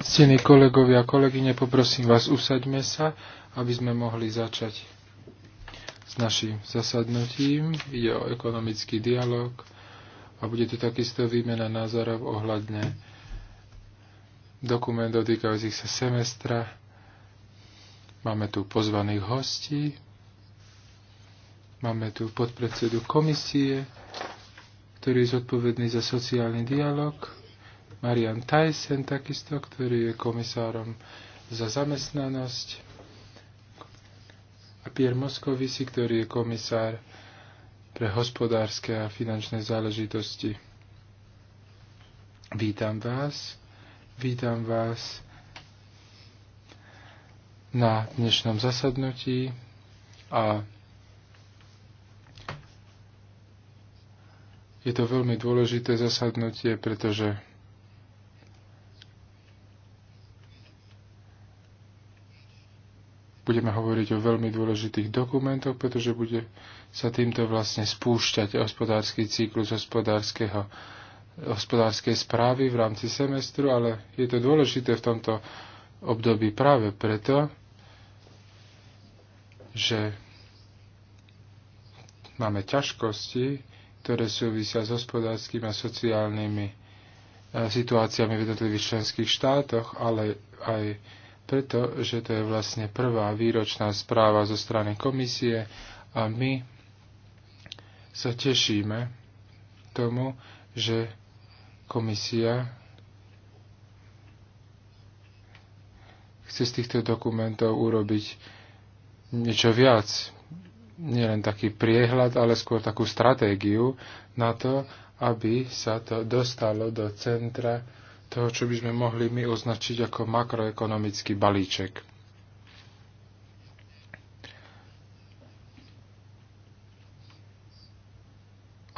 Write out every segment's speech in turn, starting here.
Ctení kolegovia a kolegyne, poprosím vás, usaďme sa, aby sme mohli začať s našim zasadnutím. Ide o ekonomický dialog a bude tu takisto výmena názorov ohľadne dokument dotýkajúcich sa semestra. Máme tu pozvaných hostí, máme tu podpredsedu komisie, ktorý je zodpovedný za sociálny dialog, Marian Tyson takisto, ktorý je komisárom za zamestnanosť a Pierre Moskovici, ktorý je komisár pre hospodárske a finančné záležitosti. Vítam vás, vítam vás na dnešnom zasadnutí a Je to veľmi dôležité zasadnutie, pretože budeme hovoriť o veľmi dôležitých dokumentoch, pretože bude sa týmto vlastne spúšťať hospodársky cyklus hospodárskeho hospodárskej správy v rámci semestru, ale je to dôležité v tomto období práve preto, že máme ťažkosti ktoré súvisia s hospodárskými a sociálnymi e, situáciami v jednotlivých členských štátoch, ale aj preto, že to je vlastne prvá výročná správa zo strany komisie a my sa tešíme tomu, že komisia chce z týchto dokumentov urobiť niečo viac, nielen taký priehľad, ale skôr takú stratégiu na to, aby sa to dostalo do centra toho, čo by sme mohli my označiť ako makroekonomický balíček.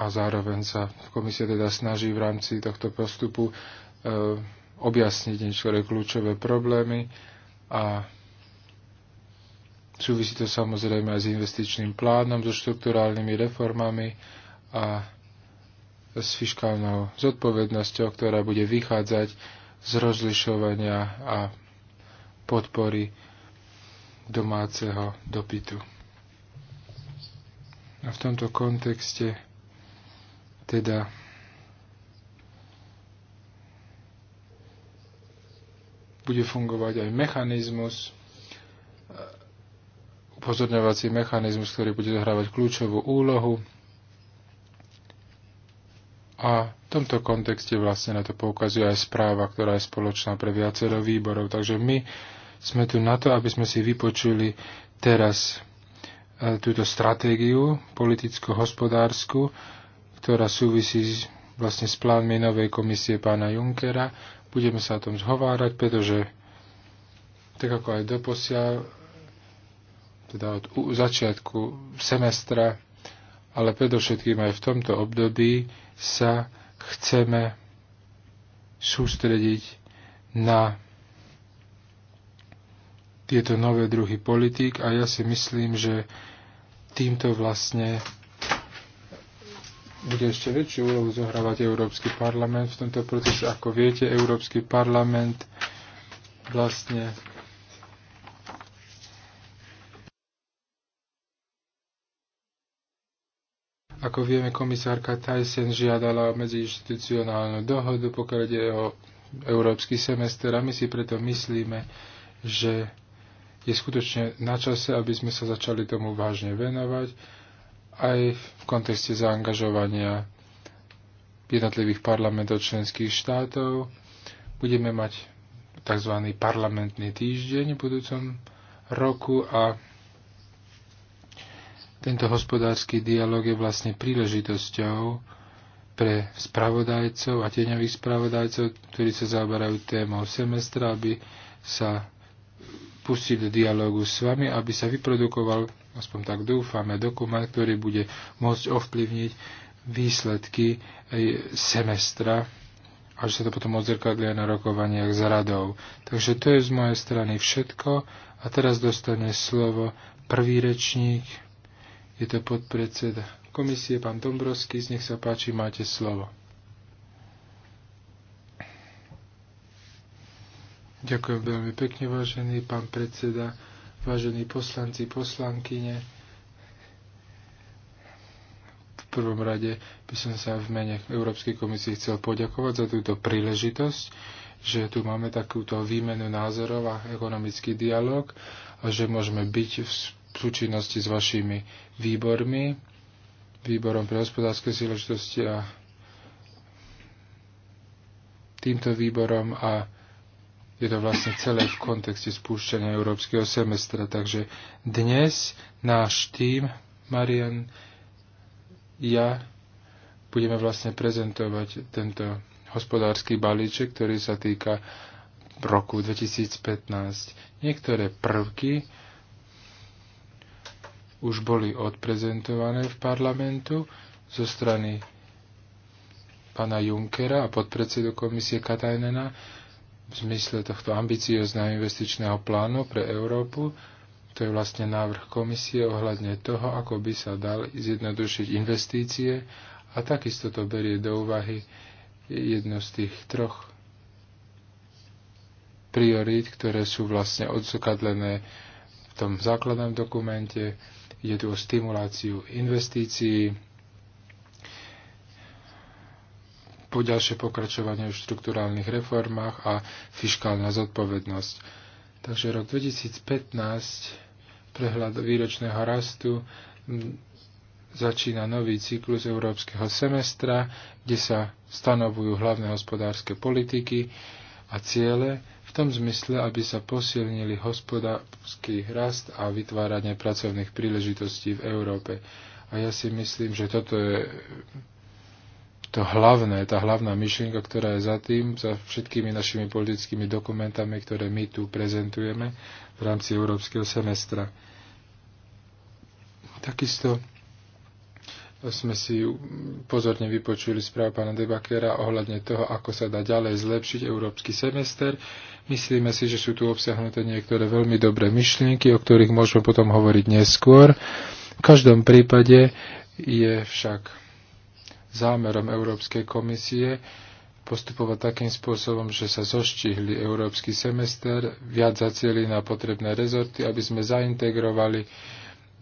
A zároveň sa komisia teda snaží v rámci tohto postupu e, objasniť niektoré kľúčové problémy a Súvisí to samozrejme aj s investičným plánom, so štruktúrálnymi reformami a s fiskálnou zodpovednosťou, ktorá bude vychádzať z rozlišovania a podpory domáceho dopytu. A v tomto kontexte teda bude fungovať aj mechanizmus, upozorňovací mechanizmus, ktorý bude zohrávať kľúčovú úlohu. A v tomto kontexte vlastne na to poukazuje aj správa, ktorá je spoločná pre viacero výborov. Takže my sme tu na to, aby sme si vypočuli teraz e, túto stratégiu politicko-hospodársku, ktorá súvisí vlastne s plánmi novej komisie pána Junkera. Budeme sa o tom zhovárať, pretože tak ako aj doposiaľ teda od začiatku semestra, ale predovšetkým aj v tomto období sa chceme sústrediť na tieto nové druhy politík a ja si myslím, že týmto vlastne bude ešte väčšiu úlohu zohrávať Európsky parlament v tomto procese. Ako viete, Európsky parlament vlastne Ako vieme, komisárka Tyson žiadala o medziinstitucionálnu dohodu, pokiaľ ide o európsky semester a my si preto myslíme, že je skutočne na čase, aby sme sa začali tomu vážne venovať aj v kontexte zaangažovania jednotlivých parlamentov členských štátov. Budeme mať tzv. parlamentný týždeň v budúcom roku a tento hospodársky dialog je vlastne príležitosťou pre spravodajcov a tieňových spravodajcov, ktorí sa zaoberajú témou semestra, aby sa pustiť do dialógu s vami, aby sa vyprodukoval, aspoň tak dúfame, dokument, ktorý bude môcť ovplyvniť výsledky eh, semestra a že sa to potom odzrkadlí na rokovaniach s radou. Takže to je z mojej strany všetko a teraz dostane slovo prvý rečník, je to podpredseda komisie, pán Dombrovský, z nech sa páči, máte slovo. Ďakujem veľmi pekne, vážený pán predseda, vážení poslanci, poslankyne. V prvom rade by som sa v mene Európskej komisie chcel poďakovať za túto príležitosť, že tu máme takúto výmenu názorov a ekonomický dialog a že môžeme byť v súčinnosti s vašimi výbormi, výborom pre hospodárske zíležitosti a týmto výborom a je to vlastne celé v kontexte spúšťania európskeho semestra. Takže dnes náš tým, Marian, ja, budeme vlastne prezentovať tento hospodársky balíček, ktorý sa týka roku 2015. Niektoré prvky už boli odprezentované v parlamentu zo strany pána Junkera a podpredsedu komisie Katajnena v zmysle tohto ambiciozného investičného plánu pre Európu. To je vlastne návrh komisie ohľadne toho, ako by sa dal zjednodušiť investície a takisto to berie do úvahy jedno z tých troch priorít, ktoré sú vlastne odzokadlené v tom základnom dokumente Ide tu o stimuláciu investícií, poďalšie pokračovanie v štruktúrálnych reformách a fiskálna zodpovednosť. Takže rok 2015 prehľad výročného rastu začína nový cyklus európskeho semestra, kde sa stanovujú hlavné hospodárske politiky a ciele v tom zmysle, aby sa posilnili hospodársky rast a vytváranie pracovných príležitostí v Európe. A ja si myslím, že toto je to hlavné, tá hlavná myšlienka, ktorá je za tým, za všetkými našimi politickými dokumentami, ktoré my tu prezentujeme v rámci európskeho semestra. Takisto sme si pozorne vypočuli správu pána Debakera ohľadne toho, ako sa dá ďalej zlepšiť európsky semester. Myslíme si, že sú tu obsiahnuté niektoré veľmi dobré myšlienky, o ktorých môžeme potom hovoriť neskôr. V každom prípade je však zámerom Európskej komisie postupovať takým spôsobom, že sa zoštihli európsky semester, viac zacieli na potrebné rezorty, aby sme zaintegrovali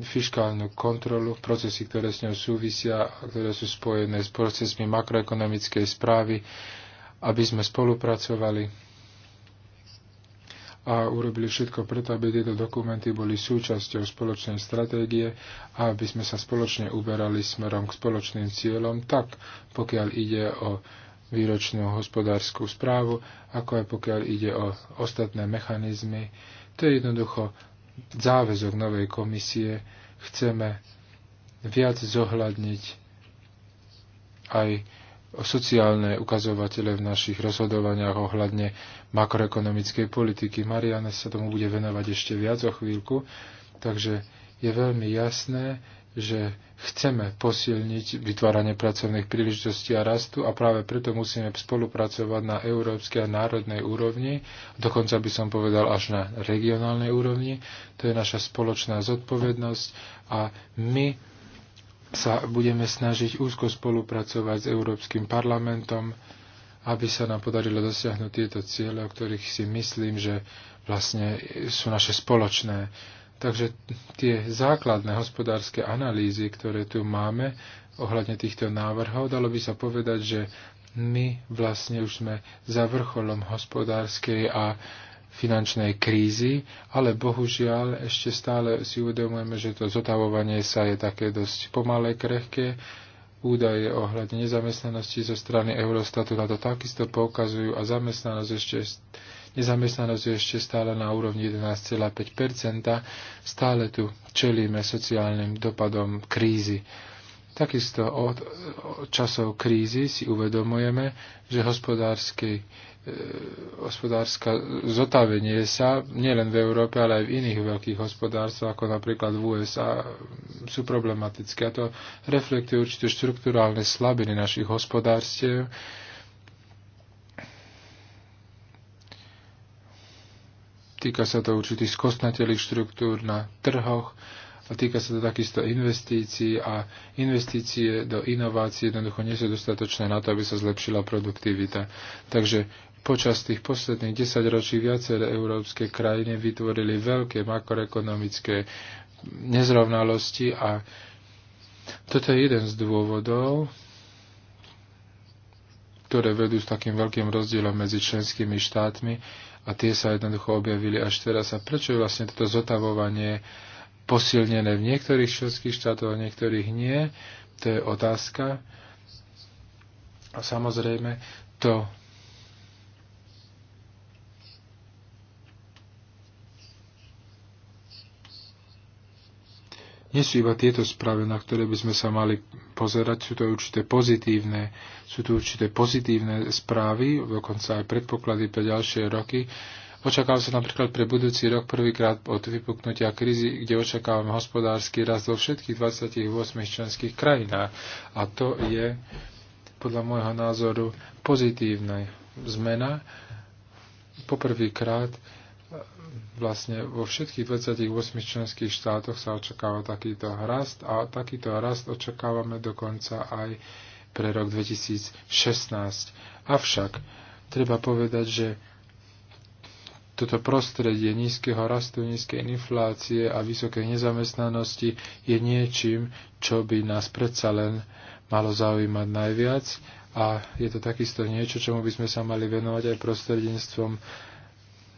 fiskálnu kontrolu, procesy, ktoré s ňou súvisia, ktoré sú spojené s procesmi makroekonomickej správy, aby sme spolupracovali a urobili všetko preto, aby tieto dokumenty boli súčasťou spoločnej stratégie a aby sme sa spoločne uberali smerom k spoločným cieľom, tak pokiaľ ide o výročnú hospodárskú správu, ako aj pokiaľ ide o ostatné mechanizmy. To je jednoducho záväzok novej komisie chceme viac zohľadniť aj sociálne ukazovatele v našich rozhodovaniach ohľadne makroekonomickej politiky. Mariana sa tomu bude venovať ešte viac o chvíľku, takže je veľmi jasné, že chceme posilniť vytváranie pracovných príležitostí a rastu a práve preto musíme spolupracovať na európskej a národnej úrovni, dokonca by som povedal až na regionálnej úrovni. To je naša spoločná zodpovednosť a my sa budeme snažiť úzko spolupracovať s Európskym parlamentom, aby sa nám podarilo dosiahnuť tieto ciele, o ktorých si myslím, že vlastne sú naše spoločné Takže tie základné hospodárske analýzy, ktoré tu máme ohľadne týchto návrhov, dalo by sa povedať, že my vlastne už sme za vrcholom hospodárskej a finančnej krízy, ale bohužiaľ ešte stále si uvedomujeme, že to zotavovanie sa je také dosť pomalé, krehké. Údaje ohľadne nezamestnanosti zo strany Eurostatu na to takisto poukazujú a zamestnanosť ešte Nezamestnanosť je ešte stále na úrovni 11,5%. Stále tu čelíme sociálnym dopadom krízy. Takisto od časov krízy si uvedomujeme, že hospodárske e, zotavenie sa nielen v Európe, ale aj v iných veľkých hospodárstvách, ako napríklad v USA, sú problematické. A to reflektuje určité štruktúrálne slabiny našich hospodárstiev, týka sa to určitých skostnatelých štruktúr na trhoch a týka sa to takisto investícií a investície do inovácií jednoducho nie sú dostatočné na to, aby sa zlepšila produktivita. Takže počas tých posledných desaťročí viaceré európske krajiny vytvorili veľké makroekonomické nezrovnalosti a toto je jeden z dôvodov, ktoré vedú s takým veľkým rozdielom medzi členskými štátmi, a tie sa jednoducho objavili až teraz. A prečo je vlastne toto zotavovanie posilnené v niektorých členských štátoch a niektorých nie? To je otázka. A samozrejme, to nie sú iba tieto správy, na ktoré by sme sa mali pozerať, sú to určité pozitívne, sú to určité pozitívne správy, dokonca aj predpoklady pre ďalšie roky. Očakáva sa napríklad pre budúci rok prvýkrát od vypuknutia krízy, kde očakávame hospodársky rast vo všetkých 28 členských krajinách. A to je podľa môjho názoru pozitívna zmena. Poprvýkrát vlastne vo všetkých 28 členských štátoch sa očakáva takýto rast a takýto rast očakávame dokonca aj pre rok 2016. Avšak treba povedať, že toto prostredie nízkeho rastu, nízkej inflácie a vysokej nezamestnanosti je niečím, čo by nás predsa len malo zaujímať najviac a je to takisto niečo, čomu by sme sa mali venovať aj prostredníctvom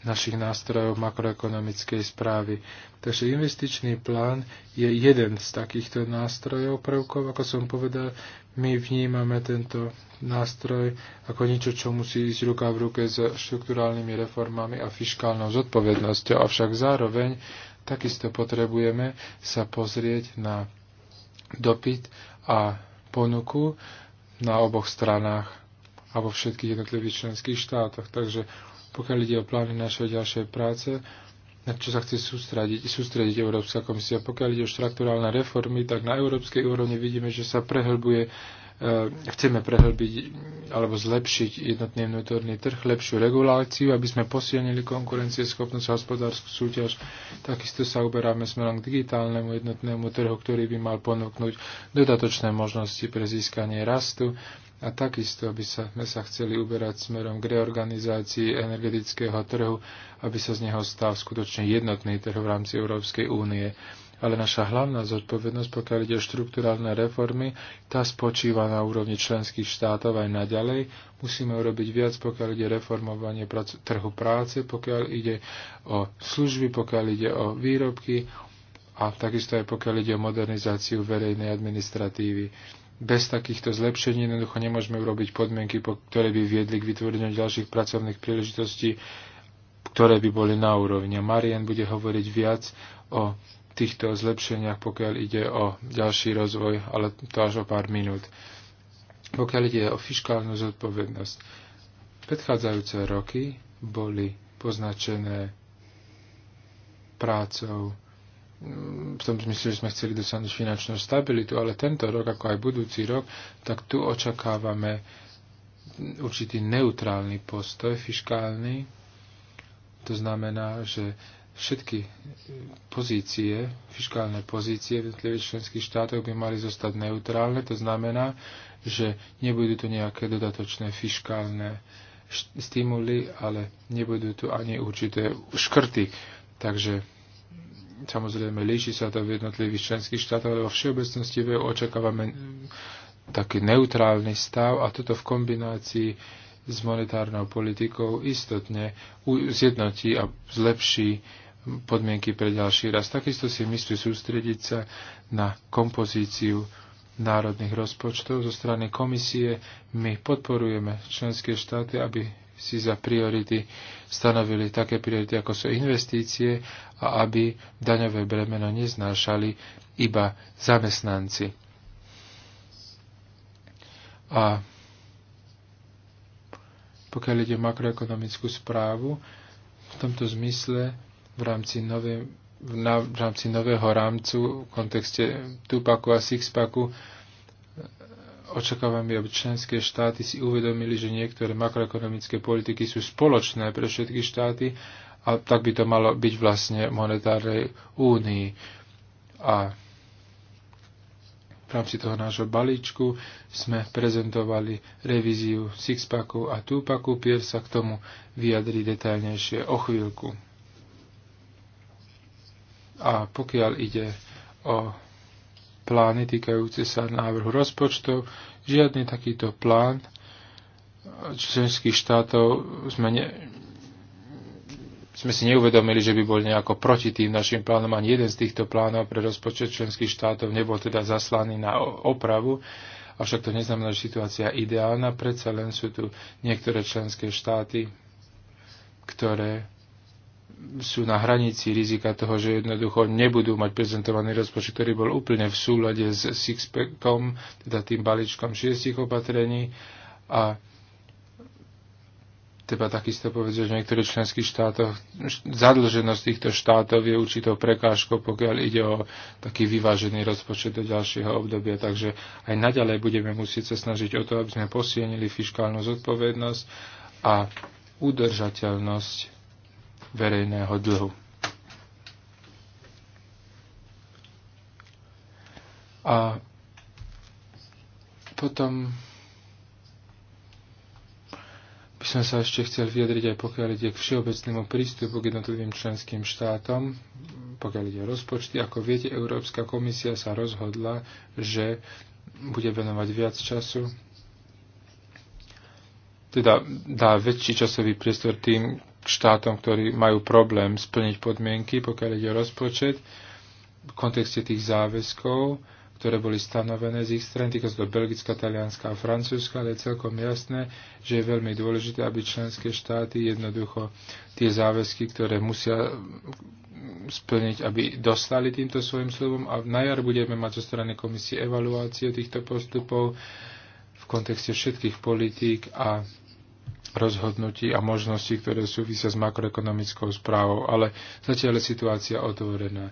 našich nástrojov makroekonomickej správy. Takže investičný plán je jeden z takýchto nástrojov, prvkov. Ako som povedal, my vnímame tento nástroj ako niečo, čo musí ísť ruka v ruke s štruktúrálnymi reformami a fiskálnou zodpovednosťou. Avšak zároveň takisto potrebujeme sa pozrieť na dopyt a ponuku na oboch stranách a vo všetkých jednotlivých členských štátoch. Takže pokiaľ ide o plány našej ďalšej práce, na čo sa chce sústrediť, sústrediť Európska komisia. Pokiaľ ide o štrukturálne reformy, tak na európskej úrovni vidíme, že sa prehlbuje e, chceme prehlbiť alebo zlepšiť jednotný vnútorný trh, lepšiu reguláciu, aby sme posilnili konkurencieschopnosť a hospodárskú súťaž. Takisto sa uberáme smerom k digitálnemu jednotnému trhu, ktorý by mal ponúknuť dodatočné možnosti pre získanie rastu a takisto by sa, sme sa chceli uberať smerom k reorganizácii energetického trhu, aby sa z neho stal skutočne jednotný trh v rámci Európskej únie. Ale naša hlavná zodpovednosť, pokiaľ ide o štruktúrálne reformy, tá spočíva na úrovni členských štátov aj naďalej. Musíme urobiť viac, pokiaľ ide reformovanie trhu práce, pokiaľ ide o služby, pokiaľ ide o výrobky a takisto aj pokiaľ ide o modernizáciu verejnej administratívy bez takýchto zlepšení jednoducho nemôžeme urobiť podmienky, ktoré by viedli k vytvoreniu ďalších pracovných príležitostí, ktoré by boli na úrovni. A Marian bude hovoriť viac o týchto zlepšeniach, pokiaľ ide o ďalší rozvoj, ale to až o pár minút. Pokiaľ ide o fiskálnu zodpovednosť, predchádzajúce roky boli poznačené prácou Mm, v tom zmysle, že sme chceli dosiahnuť finančnú stabilitu, ale tento rok, ako aj budúci rok, tak tu očakávame určitý neutrálny postoj fiskálny. To znamená, že všetky pozície, fiskálne pozície v jednotlivých členských štátoch by mali zostať neutrálne. To znamená, že nebudú tu nejaké dodatočné fiskálne stimuly, ale nebudú tu ani určité škrty. Takže Samozrejme, líši sa to v jednotlivých členských štátoch, ale vo všeobecnosti v e očakávame mm, taký neutrálny stav a toto v kombinácii s monetárnou politikou istotne zjednotí a zlepší podmienky pre ďalší raz. Takisto si myslí sústrediť sa na kompozíciu národných rozpočtov zo strany komisie. My podporujeme členské štáty, aby si za priority stanovili také priority, ako sú investície a aby daňové bremeno neznášali iba zamestnanci. A pokiaľ ide makroekonomickú správu, v tomto zmysle v rámci nové, v, na, v rámci nového rámcu v kontexte Tupaku a Sixpaku očakávame, aby členské štáty si uvedomili, že niektoré makroekonomické politiky sú spoločné pre všetky štáty a tak by to malo byť vlastne monetárnej únii. A v rámci toho nášho balíčku sme prezentovali revíziu Sixpacku a Tupaku. Pier sa k tomu vyjadri detailnejšie o chvíľku. A pokiaľ ide o plány týkajúce sa návrhu rozpočtov. Žiadny takýto plán členských štátov sme, ne, sme si neuvedomili, že by bol nejako proti tým našim plánom. Ani jeden z týchto plánov pre rozpočet členských štátov nebol teda zaslaný na opravu. Avšak to neznamená, že situácia je ideálna. Predsa len sú tu niektoré členské štáty, ktoré sú na hranici rizika toho, že jednoducho nebudú mať prezentovaný rozpočet, ktorý bol úplne v súlade s Sixpackom, teda tým balíčkom šiestich opatrení. A treba takisto povedať, že v niektorých členských štátoch zadlženosť týchto štátov je určitou prekážkou, pokiaľ ide o taký vyvážený rozpočet do ďalšieho obdobia. Takže aj naďalej budeme musieť sa snažiť o to, aby sme posienili fiskálnu zodpovednosť a udržateľnosť verejného dlhu. A potom by som sa ešte chcel vyjadriť aj pokiaľ ide k všeobecnému prístupu k jednotlivým členským štátom, pokiaľ ide o rozpočty. Ako viete, Európska komisia sa rozhodla, že bude venovať viac času teda dá väčší časový priestor tým štátom, ktorí majú problém splniť podmienky, pokiaľ ide o rozpočet, v kontexte tých záväzkov, ktoré boli stanovené z ich strany, týka sa to Belgická, Talianska a Francúzska, ale je celkom jasné, že je veľmi dôležité, aby členské štáty jednoducho tie záväzky, ktoré musia splniť, aby dostali týmto svojim slovom a na jar budeme mať zo strany komisie evaluáciu týchto postupov v kontexte všetkých politík a rozhodnutí a možností, ktoré súvisia s makroekonomickou správou, ale zatiaľ je situácia otvorená.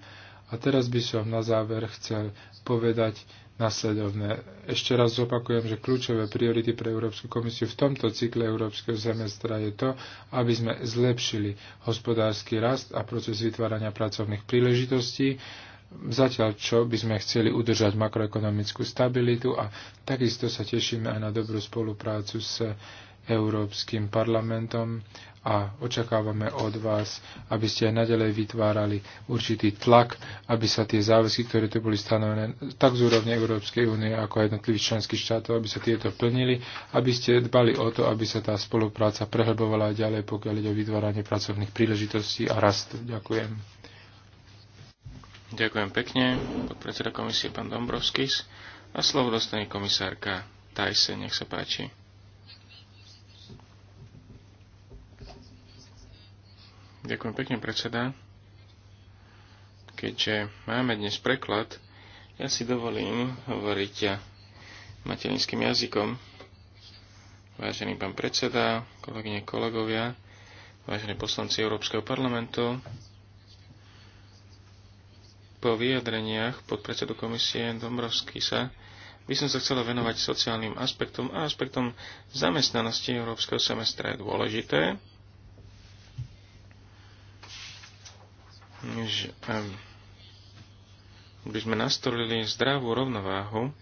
A teraz by som na záver chcel povedať nasledovné. Ešte raz zopakujem, že kľúčové priority pre Európsku komisiu v tomto cykle Európskeho semestra je to, aby sme zlepšili hospodársky rast a proces vytvárania pracovných príležitostí, zatiaľ čo by sme chceli udržať makroekonomickú stabilitu a takisto sa tešíme aj na dobrú spoluprácu s Európskym parlamentom a očakávame od vás, aby ste aj nadalej vytvárali určitý tlak, aby sa tie záväzky, ktoré tu boli stanovené tak z úrovne Európskej únie ako aj jednotlivých členských štátov, aby sa tieto plnili, aby ste dbali o to, aby sa tá spolupráca prehlbovala ďalej, pokiaľ ide o vytváranie pracovných príležitostí a rastu. Ďakujem. Ďakujem pekne, podpredseda komisie pán Dombrovskis. A slovo dostane komisárka Tajse, nech sa páči. Ďakujem pekne, predseda. Keďže máme dnes preklad, ja si dovolím hovoriť materinským jazykom. Vážený pán predseda, kolegyne, kolegovia, vážení poslanci Európskeho parlamentu, po vyjadreniach podpredsedu komisie Dombrovský sa by som sa chcela venovať sociálnym aspektom a aspektom zamestnanosti Európskeho semestra. Je dôležité, že by sme nastolili zdravú rovnováhu,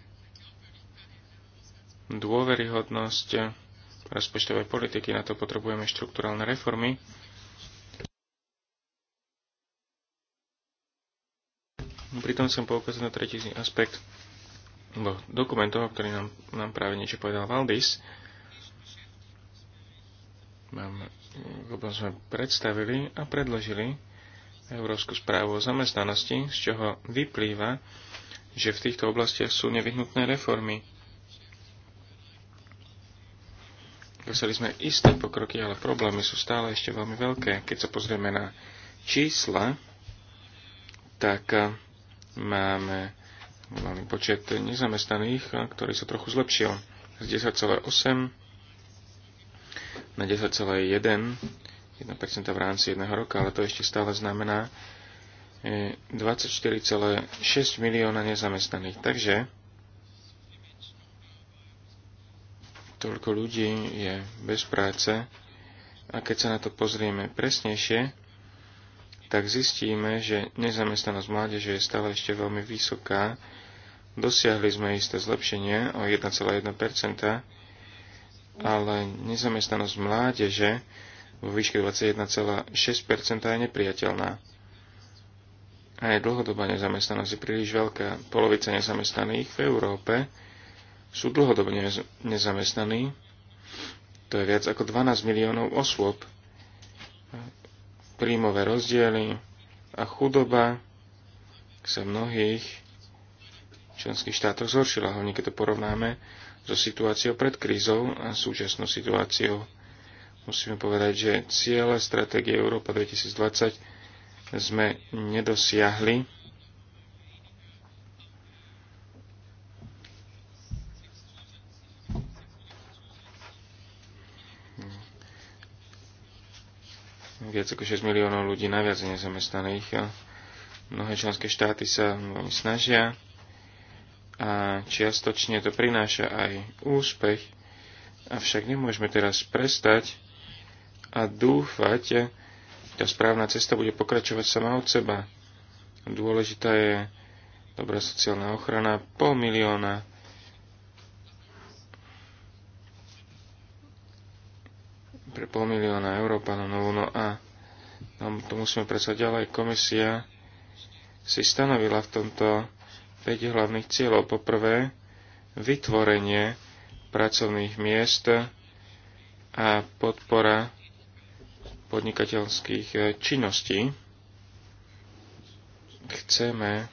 dôveryhodnosť rozpočtovej politiky, na to potrebujeme štruktúralne reformy. Pritom som poukázať na tretí aspekt dokumentov, dokumentov, ktorý nám, nám práve niečo povedal Valdis. Mám, sme predstavili a predložili Európsku správu o zamestnanosti, z čoho vyplýva, že v týchto oblastiach sú nevyhnutné reformy. Dosali sme isté pokroky, ale problémy sú stále ešte veľmi veľké. Keď sa pozrieme na čísla, tak eh, máme máme počet nezamestnaných, eh, ktorý sa trochu zlepšil z 10,8 na 10,1 1% v rámci jedného roka, ale to ešte stále znamená 24,6 e, milióna nezamestnaných. Takže toľko ľudí je bez práce a keď sa na to pozrieme presnejšie, tak zistíme, že nezamestnanosť mládeže je stále ešte veľmi vysoká. Dosiahli sme isté zlepšenie o 1,1%, ale nezamestnanosť mládeže vo výške 21,6 je nepriateľná. Aj dlhodobá nezamestnanosť je príliš veľká. Polovica nezamestnaných v Európe sú dlhodobo nezamestnaní. To je viac ako 12 miliónov osôb. Príjmové rozdiely a chudoba sa v mnohých členských štátoch zhoršila, hlavne keď to porovnáme so situáciou pred krízou a súčasnou situáciou musíme povedať, že ciele stratégie Európa 2020 sme nedosiahli. Viac ako 6 miliónov ľudí naviac nezamestnaných. Mnohé členské štáty sa veľmi snažia a čiastočne to prináša aj úspech, avšak nemôžeme teraz prestať a dúfať, tá správna cesta bude pokračovať sama od seba. Dôležitá je dobrá sociálna ochrana, pol milióna pre pol milióna Európanov. No, no a tam to musíme predsa ďalej. Komisia si stanovila v tomto 5 hlavných cieľov. Poprvé, vytvorenie pracovných miest a podpora podnikateľských e, činností. Chceme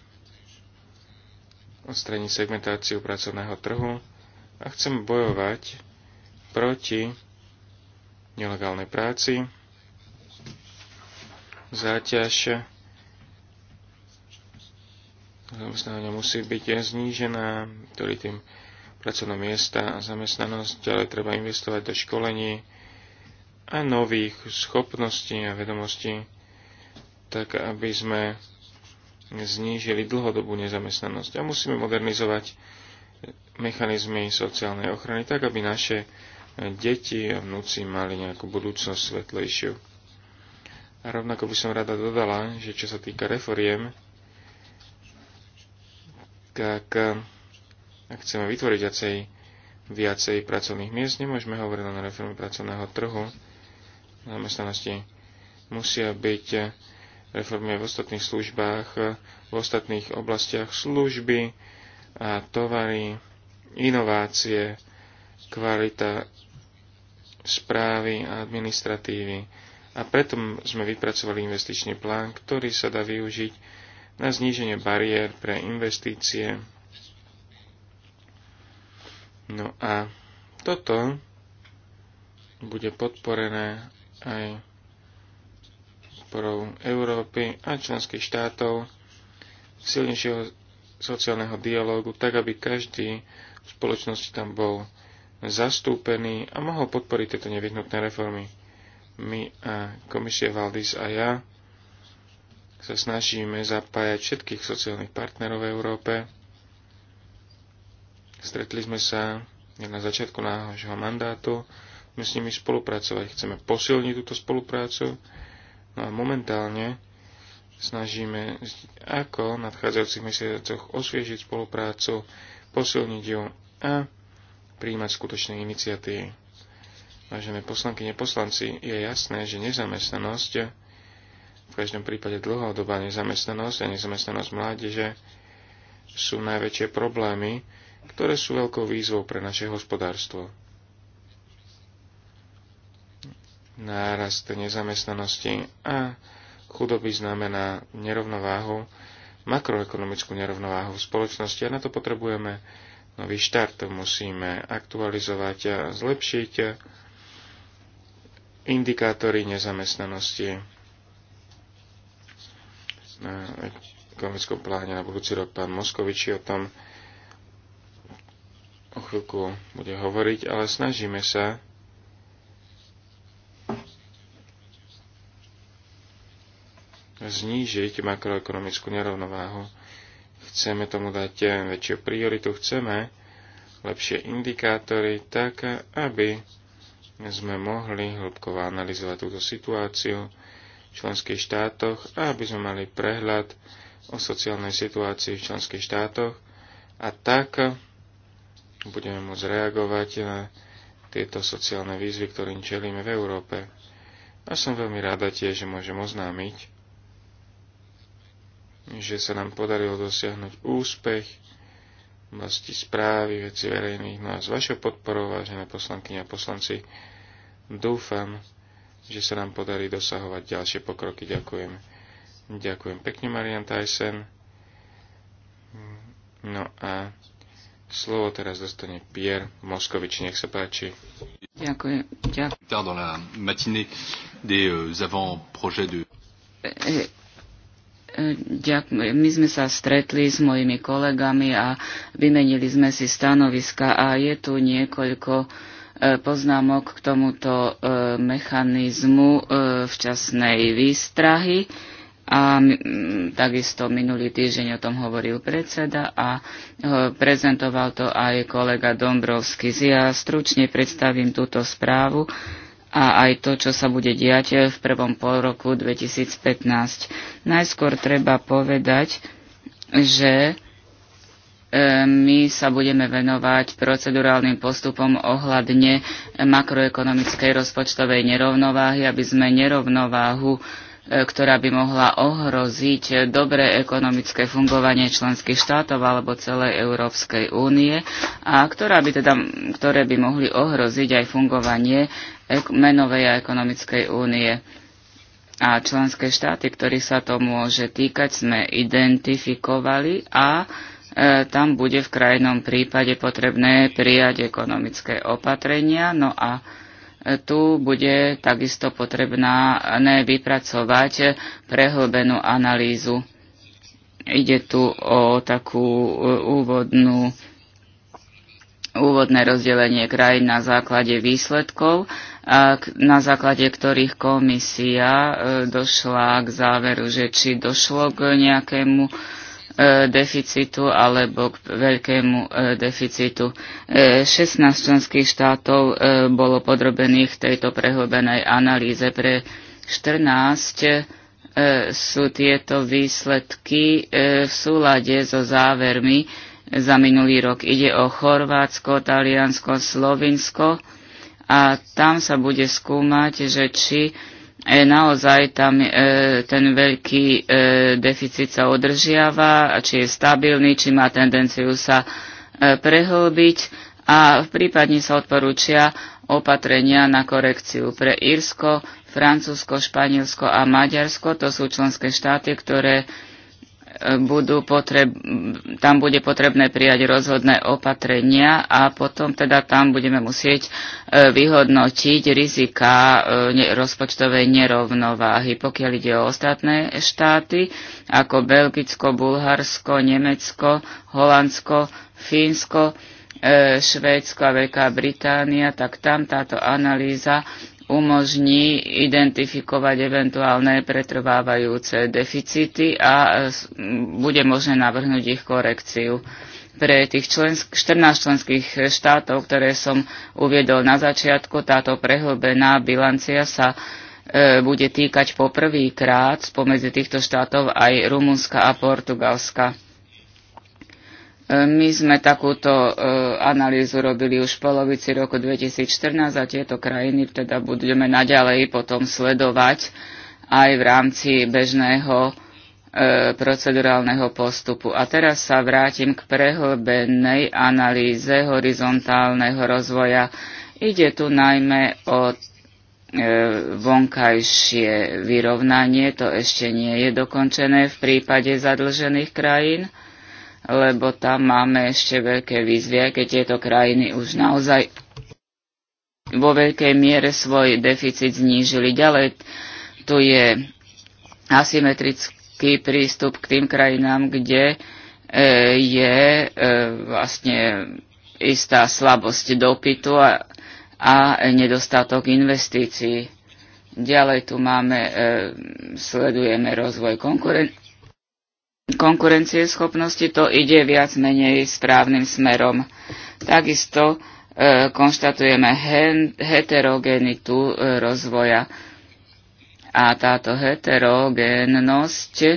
odstraniť segmentáciu pracovného trhu a chceme bojovať proti nelegálnej práci, záťaž zamestnania musí byť znížená, ktorý tým pracovné miesta a zamestnanosť, ale treba investovať do školení, a nových schopností a vedomostí, tak aby sme znížili dlhodobú nezamestnanosť. A musíme modernizovať mechanizmy sociálnej ochrany tak, aby naše deti a vnúci mali nejakú budúcnosť svetlejšiu. A rovnako by som rada dodala, že čo sa týka reforiem, tak ak chceme vytvoriť viacej, viacej pracovných miest, nemôžeme hovoriť len o reforme pracovného trhu, zamestnanosti. Musia byť reformy v ostatných službách, v ostatných oblastiach služby a tovary, inovácie, kvalita správy a administratívy. A preto sme vypracovali investičný plán, ktorý sa dá využiť na zníženie bariér pre investície. No a toto bude podporené aj podporou Európy a členských štátov silnejšieho sociálneho dialógu, tak aby každý v spoločnosti tam bol zastúpený a mohol podporiť tieto nevyhnutné reformy. My a komisie Valdis a ja sa snažíme zapájať všetkých sociálnych partnerov v Európe. Stretli sme sa na začiatku nášho mandátu s nimi spolupracovať. Chceme posilniť túto spoluprácu. No a momentálne snažíme, ako v nadchádzajúcich mesiacoch osviežiť spoluprácu, posilniť ju a príjmať skutočné iniciatívy. Vážené poslanky poslanci, je jasné, že nezamestnanosť, v každom prípade dlhodobá nezamestnanosť a nezamestnanosť mládeže sú najväčšie problémy, ktoré sú veľkou výzvou pre naše hospodárstvo. nárast nezamestnanosti a chudoby znamená nerovnováhu, makroekonomickú nerovnováhu v spoločnosti a na to potrebujeme nový štart. Musíme aktualizovať a zlepšiť indikátory nezamestnanosti na ekonomickom pláne na budúci rok pán Moskoviči o tom o chvíľku bude hovoriť, ale snažíme sa znížiť makroekonomickú nerovnováhu. Chceme tomu dať eh, väčšiu prioritu, chceme lepšie indikátory, tak aby sme mohli hĺbkovo analyzovať túto situáciu v členských štátoch a aby sme mali prehľad o sociálnej situácii v členských štátoch a tak budeme môcť reagovať na tieto sociálne výzvy, ktorým čelíme v Európe. A som veľmi rada tiež, že môžem oznámiť, že sa nám podarilo dosiahnuť úspech v oblasti správy, veci verejných. No a s vašou podporou, vážené poslankyne a poslanci, dúfam, že sa nám podarí dosahovať ďalšie pokroky. Ďakujem. Ďakujem pekne, Marian Tyson. No a slovo teraz dostane Pierre Moskovič. Nech sa páči. Ďakujem. Ďakujem my sme sa stretli s mojimi kolegami a vymenili sme si stanoviska a je tu niekoľko e, poznámok k tomuto e, mechanizmu e, včasnej výstrahy. A takisto minulý týždeň o tom hovoril predseda a prezentoval to aj kolega Dombrovský. Ja stručne predstavím túto správu a aj to, čo sa bude diať eh, v prvom pol roku 2015. Najskôr treba povedať, že eh, my sa budeme venovať procedurálnym postupom ohľadne makroekonomickej rozpočtovej nerovnováhy, aby sme nerovnováhu E, ktorá by mohla ohroziť dobré ekonomické fungovanie členských štátov alebo celej Európskej únie a ktorá by teda, ktoré by mohli ohroziť aj fungovanie menovej a ekonomickej únie. A členské štáty, ktorých sa to môže týkať, sme identifikovali a e, tam bude v krajnom prípade potrebné prijať ekonomické opatrenia. No a tu bude takisto potrebná vypracovať prehlbenú analýzu. Ide tu o takú e, úvodnú, úvodné rozdelenie krajín na základe výsledkov, na základe ktorých komisia e, došla k záveru, že či došlo k nejakému E, deficitu alebo k veľkému e, deficitu. 16 e, členských štátov bolo podrobených tejto prehlbenej analýze. Pre 14 sú tieto výsledky v súlade so závermi za minulý rok. Ide o Chorvátsko, Taliansko, Slovinsko a tam sa bude skúmať, že či E, naozaj tam e, ten veľký e, deficit sa održiava, či je stabilný, či má tendenciu sa e, prehlbiť a prípadne sa odporúčia opatrenia na korekciu pre Írsko, Francúzsko, Španielsko a Maďarsko. To sú členské štáty, ktoré budú potreb, tam bude potrebné prijať rozhodné opatrenia a potom teda tam budeme musieť e, vyhodnotiť rizika e, rozpočtovej nerovnováhy. Pokiaľ ide o ostatné štáty, ako Belgicko, Bulharsko, Nemecko, Holandsko, Fínsko, e, Švédsko a Veľká Británia, tak tam táto analýza umožní identifikovať eventuálne pretrvávajúce deficity a e, bude možné navrhnúť ich korekciu. Pre tých člensk- 14 členských štátov, ktoré som uviedol na začiatku, táto prehlbená bilancia sa e, bude týkať poprvýkrát spomedzi týchto štátov aj Rumunska a Portugalska. E, my sme takúto e, analýzu robili už v polovici roku 2014 a tieto krajiny teda budeme naďalej potom sledovať aj v rámci bežného e, procedurálneho postupu. A teraz sa vrátim k prehlbenej analýze horizontálneho rozvoja. Ide tu najmä o vonkajšie vyrovnanie, to ešte nie je dokončené v prípade zadlžených krajín lebo tam máme ešte veľké výzvy, keď tieto krajiny už naozaj vo veľkej miere svoj deficit znížili. Ďalej tu je asymetrický prístup k tým krajinám, kde e, je e, vlastne istá slabosť dopytu a, a nedostatok investícií. Ďalej tu máme, e, sledujeme rozvoj konkurencie konkurencieschopnosti, to ide viac menej správnym smerom. Takisto e, konštatujeme hen, heterogenitu e, rozvoja. A táto heterogénnosť e,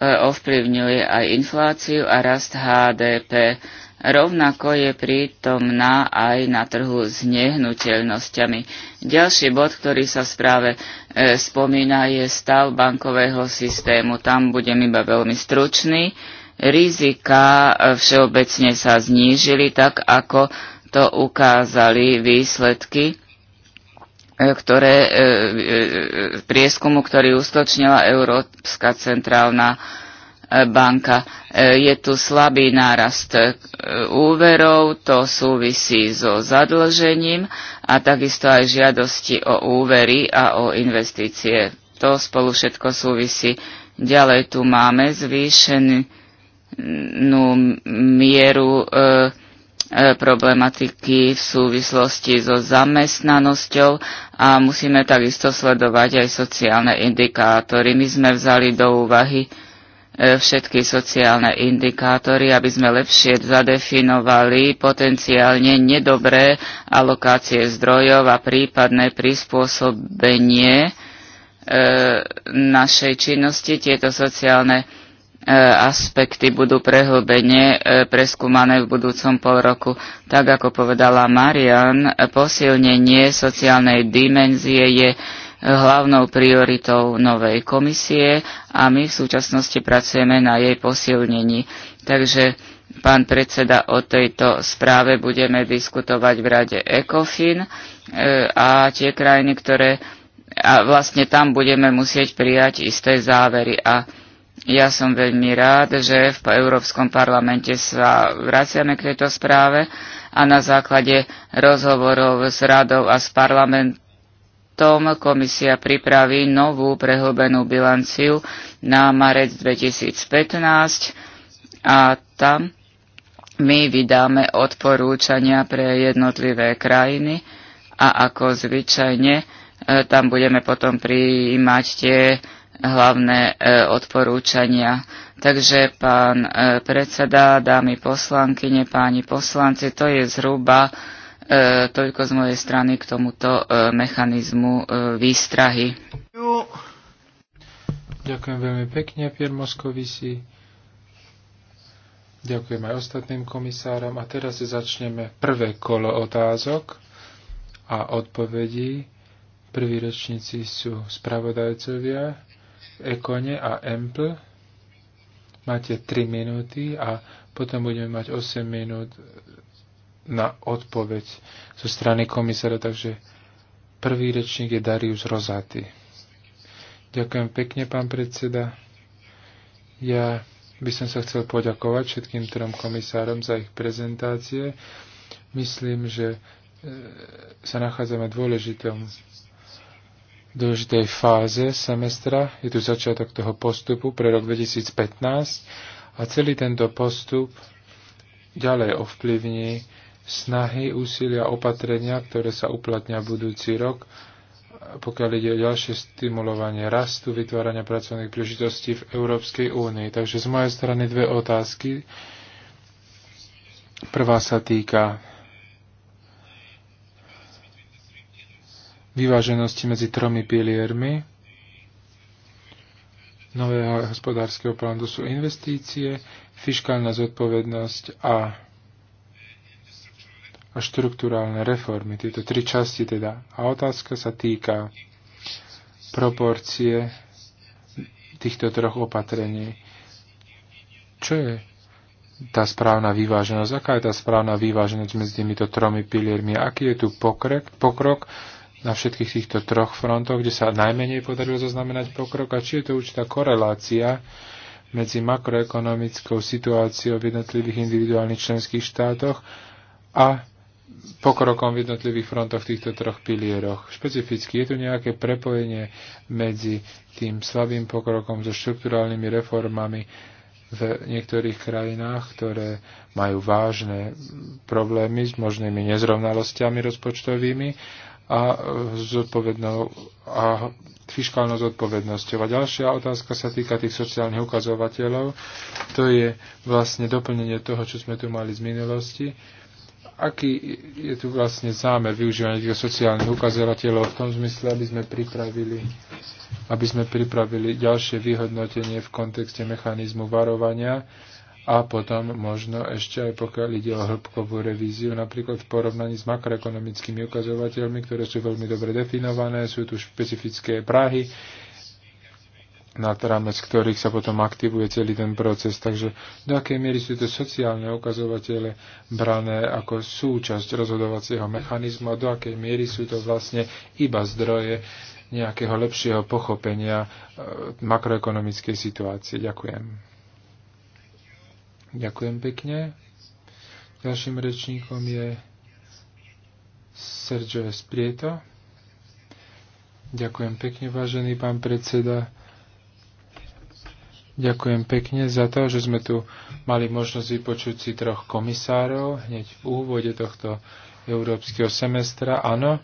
ovplyvňuje aj infláciu a rast HDP. Rovnako je prítomná aj na trhu s nehnuteľnosťami. Ďalší bod, ktorý sa v správe e, spomína, je stav bankového systému. Tam budem iba veľmi stručný. Rizika e, všeobecne sa znížili, tak ako to ukázali výsledky e, ktoré, e, e, e, prieskumu, ktorý ustočnila Európska centrálna banka. E, je tu slabý nárast e, úverov, to súvisí so zadlžením a takisto aj žiadosti o úvery a o investície. To spolu všetko súvisí. Ďalej tu máme zvýšenú mieru e, problematiky v súvislosti so zamestnanosťou a musíme takisto sledovať aj sociálne indikátory. My sme vzali do úvahy E, všetky sociálne indikátory, aby sme lepšie zadefinovali potenciálne nedobré alokácie zdrojov a prípadné prispôsobenie e, našej činnosti. Tieto sociálne e, aspekty budú prehlbene preskúmané v budúcom pol roku. Tak ako povedala Marian, posilnenie sociálnej dimenzie je hlavnou prioritou novej komisie a my v súčasnosti pracujeme na jej posilnení. Takže, pán predseda, o tejto správe budeme diskutovať v Rade ECOFIN e, a tie krajiny, ktoré a vlastne tam budeme musieť prijať isté závery a ja som veľmi rád, že v Európskom parlamente sa vraciame k tejto správe a na základe rozhovorov s radou a s parlamentom tom komisia pripraví novú prehlbenú bilanciu na marec 2015 a tam my vydáme odporúčania pre jednotlivé krajiny a ako zvyčajne e, tam budeme potom prijímať tie hlavné e, odporúčania. Takže pán e, predseda, dámy poslankyne, páni poslanci, to je zhruba E, toľko z mojej strany k tomuto e, mechanizmu e, výstrahy. Ďakujem veľmi pekne, Pier Moskovisi. Ďakujem aj ostatným komisárom. A teraz si začneme prvé kolo otázok a odpovedí. Prví rečníci sú spravodajcovia Ekone a Empl. Máte 3 minúty a potom budeme mať 8 minút na odpoveď zo strany komisára, takže prvý rečník je Darius Rozaty. Ďakujem pekne, pán predseda. Ja by som sa chcel poďakovať všetkým trom komisárom za ich prezentácie. Myslím, že e, sa nachádzame v dôležitom dôležitej fáze semestra. Je tu začiatok toho postupu pre rok 2015 a celý tento postup ďalej ovplyvní snahy, úsilia, opatrenia, ktoré sa v budúci rok, pokiaľ ide o ďalšie stimulovanie rastu, vytvárania pracovných príležitostí v Európskej únii. Takže z mojej strany dve otázky. Prvá sa týka vyváženosti medzi tromi piliermi nového hospodárskeho plánu. To sú investície, fiskálna zodpovednosť a a štruktúrálne reformy, tieto tri časti teda. A otázka sa týka proporcie týchto troch opatrení. Čo je tá správna vyváženosť? Aká je tá správna vyváženosť medzi týmito tromi piliermi? Aký je tu pokrek, pokrok na všetkých týchto troch frontoch, kde sa najmenej podarilo zaznamenať pokrok? A či je to určitá korelácia medzi makroekonomickou situáciou v jednotlivých individuálnych členských štátoch a pokrokom v jednotlivých frontoch v týchto troch pilieroch. Špecificky je tu nejaké prepojenie medzi tým slabým pokrokom so štrukturálnymi reformami v niektorých krajinách, ktoré majú vážne problémy s možnými nezrovnalosťami rozpočtovými a, a fiskálnou zodpovednosťou. A ďalšia otázka sa týka tých sociálnych ukazovateľov. To je vlastne doplnenie toho, čo sme tu mali z minulosti aký je tu vlastne zámer využívania týchto sociálnych ukazovateľov v tom zmysle, aby sme pripravili, aby sme pripravili ďalšie vyhodnotenie v kontexte mechanizmu varovania a potom možno ešte aj pokiaľ ide o hĺbkovú revíziu, napríklad v porovnaní s makroekonomickými ukazovateľmi, ktoré sú veľmi dobre definované, sú tu špecifické prahy, nad rámec ktorých sa potom aktivuje celý ten proces. Takže do akej miery sú to sociálne ukazovatele brané ako súčasť rozhodovacieho mechanizmu a do akej miery sú to vlastne iba zdroje nejakého lepšieho pochopenia e, makroekonomickej situácie. Ďakujem. Ďakujem pekne. Ďalším rečníkom je Sergio Esprieto. Ďakujem pekne, vážený pán predseda. Ďakujem pekne za to, že sme tu mali možnosť vypočuť si troch komisárov hneď v úvode tohto európskeho semestra. Áno,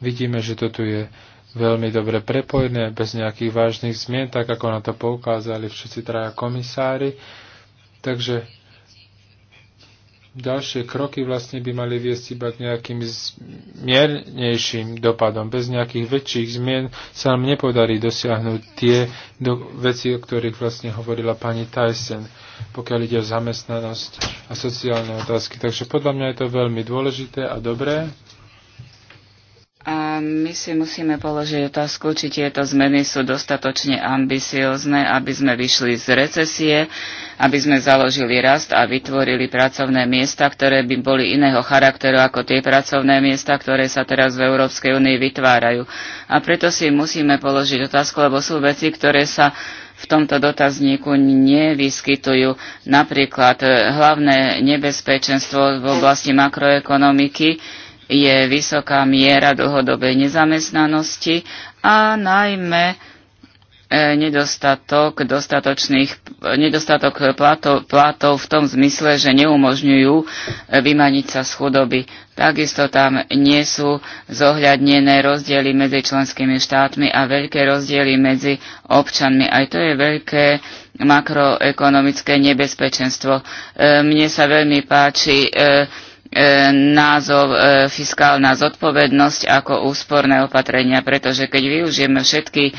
vidíme, že to tu je veľmi dobre prepojené, bez nejakých vážnych zmien, tak ako na to poukázali všetci traja komisári. Takže ďalšie kroky vlastne by mali viesť iba k nejakým miernejším dopadom. Bez nejakých väčších zmien sa nám nepodarí dosiahnuť tie do veci, o ktorých vlastne hovorila pani Tyson, pokiaľ ide o zamestnanosť a sociálne otázky. Takže podľa mňa je to veľmi dôležité a dobré. A my si musíme položiť otázku, či tieto zmeny sú dostatočne ambiciozne, aby sme vyšli z recesie, aby sme založili rast a vytvorili pracovné miesta, ktoré by boli iného charakteru ako tie pracovné miesta, ktoré sa teraz v Európskej únii vytvárajú. A preto si musíme položiť otázku, lebo sú veci, ktoré sa v tomto dotazníku nevyskytujú. Napríklad eh, hlavné nebezpečenstvo v oblasti makroekonomiky je vysoká miera dlhodobej nezamestnanosti a najmä e, nedostatok, dostatočných, nedostatok platov, platov v tom zmysle, že neumožňujú e, vymaniť sa z chudoby. Takisto tam nie sú zohľadnené rozdiely medzi členskými štátmi a veľké rozdiely medzi občanmi. Aj to je veľké makroekonomické nebezpečenstvo. E, mne sa veľmi páči E, názov e, fiskálna zodpovednosť ako úsporné opatrenia, pretože keď využijeme všetky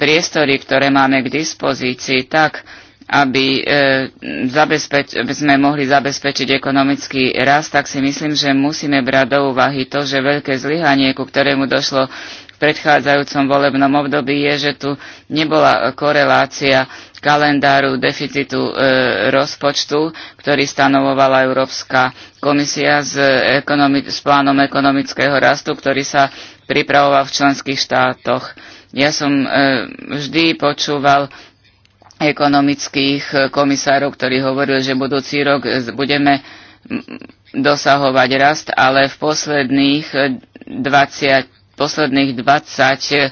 priestory, ktoré máme k dispozícii, tak e, aby sme mohli zabezpečiť ekonomický rast, tak si myslím, že musíme brať do úvahy to, že veľké zlyhanie, ku ktorému došlo v predchádzajúcom volebnom období je, že tu nebola korelácia kalendáru deficitu e, rozpočtu, ktorý stanovovala Európska komisia s, ekonomi- s plánom ekonomického rastu, ktorý sa pripravoval v členských štátoch. Ja som e, vždy počúval ekonomických komisárov, ktorí hovorili, že budúci rok e, budeme dosahovať rast, ale v posledných 20 posledných 20 e,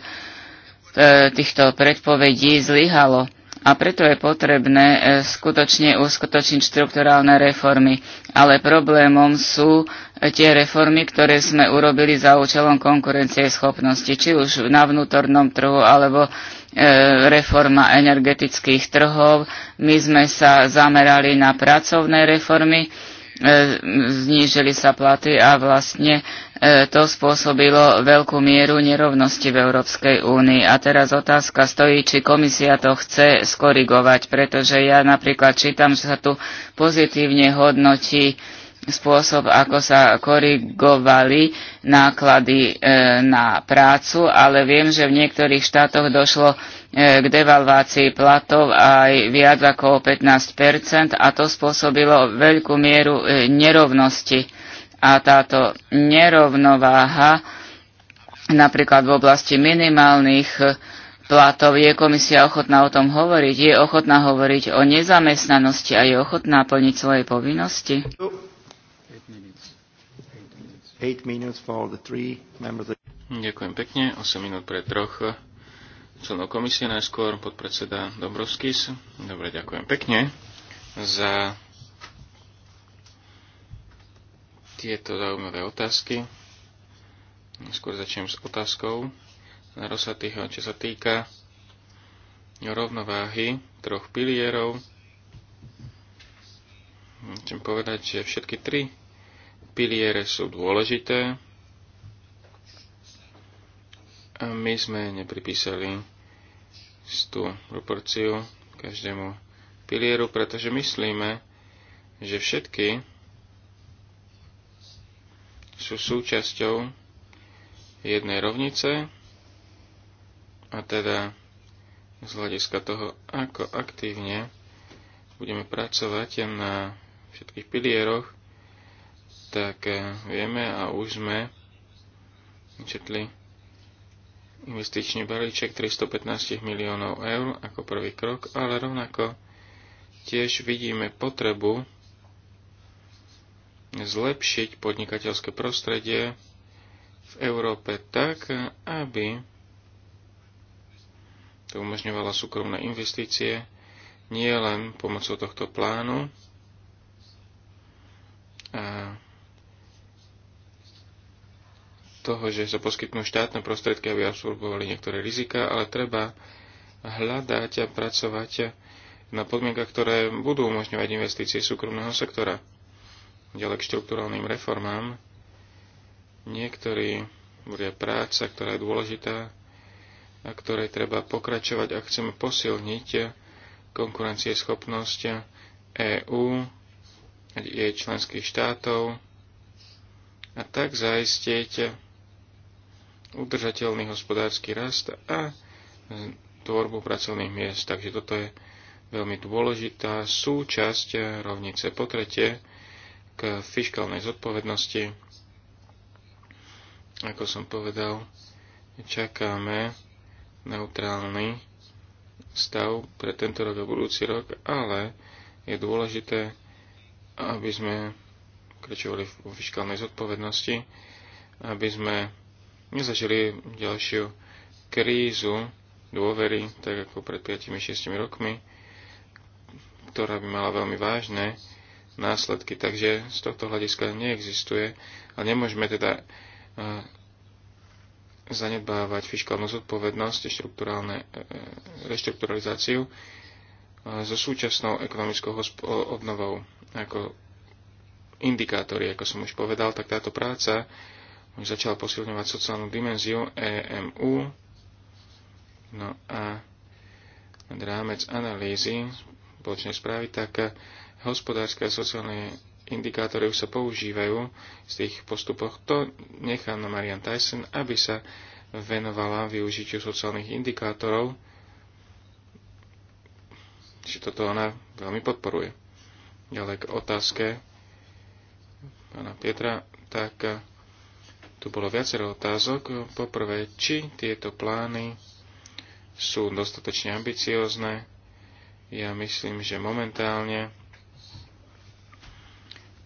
týchto predpovedí zlyhalo. A preto je potrebné e, skutočne uskutočniť štrukturálne reformy. Ale problémom sú e, tie reformy, ktoré sme urobili za účelom konkurencie schopnosti, či už na vnútornom trhu alebo reforma energetických trhov. My sme sa zamerali na pracovné reformy E, znížili sa platy a vlastne e, to spôsobilo veľkú mieru nerovnosti v Európskej únii. A teraz otázka stojí, či komisia to chce skorigovať, pretože ja napríklad čítam, že sa tu pozitívne hodnotí spôsob, ako sa korigovali náklady e, na prácu, ale viem, že v niektorých štátoch došlo e, k devalvácii platov aj viac ako o 15 a to spôsobilo veľkú mieru e, nerovnosti. A táto nerovnováha napríklad v oblasti minimálnych platov je komisia ochotná o tom hovoriť, je ochotná hovoriť o nezamestnanosti a je ochotná plniť svoje povinnosti? No, Ďakujem pekne. 8 minút pre troch členov komisie, najskôr podpredseda Dobrovskis. Dobre, ďakujem pekne za tieto zaujímavé otázky. Skôr začnem s otázkou na Rosatýho, čo sa týka rovnováhy troch pilierov. Chcem povedať, že všetky tri piliere sú dôležité. A my sme nepripísali tú proporciu každému pilieru, pretože myslíme, že všetky sú súčasťou jednej rovnice a teda z hľadiska toho, ako aktívne budeme pracovať na všetkých pilieroch, tak eh, vieme a už sme vyčetli investičný balíček 315 miliónov eur ako prvý krok, ale rovnako tiež vidíme potrebu zlepšiť podnikateľské prostredie v Európe tak, aby to umožňovalo súkromné investície nie len pomocou tohto plánu, toho, že sa poskytnú štátne prostriedky, aby absorbovali niektoré rizika, ale treba hľadať a pracovať na podmienkach, ktoré budú umožňovať investície súkromného sektora. Ďalej k štruktúralným reformám. Niektorí bude práca, ktorá je dôležitá a ktorej treba pokračovať, a chceme posilniť konkurencieschopnosť EÚ, jej členských štátov a tak zaistiť udržateľný hospodársky rast a tvorbu pracovných miest. Takže toto je veľmi dôležitá súčasť rovnice. Po tretie, k fiskálnej zodpovednosti. Ako som povedal, čakáme neutrálny stav pre tento rok a budúci rok, ale je dôležité, aby sme pokračovali vo fiskálnej zodpovednosti, aby sme nezažili ďalšiu krízu dôvery, tak ako pred 5-6 rokmi, ktorá by mala veľmi vážne následky. Takže z tohto hľadiska neexistuje a nemôžeme teda eh, zanedbávať fiskálnu zodpovednosť, štruktúrálne eh, reštrukturalizáciu eh, so súčasnou ekonomickou obnovou. Ako indikátory, ako som už povedal, tak táto práca už začala posilňovať sociálnu dimenziu EMU. No a nad rámec analýzy spoločne správy, tak hospodárske a sociálne indikátory už sa používajú z tých postupoch. To nechám na Marian Tyson, aby sa venovala využitiu sociálnych indikátorov, že toto ona veľmi podporuje. Ďalej k otázke pána Pietra, tak tu bolo viacero otázok. Poprvé, či tieto plány sú dostatočne ambiciózne. Ja myslím, že momentálne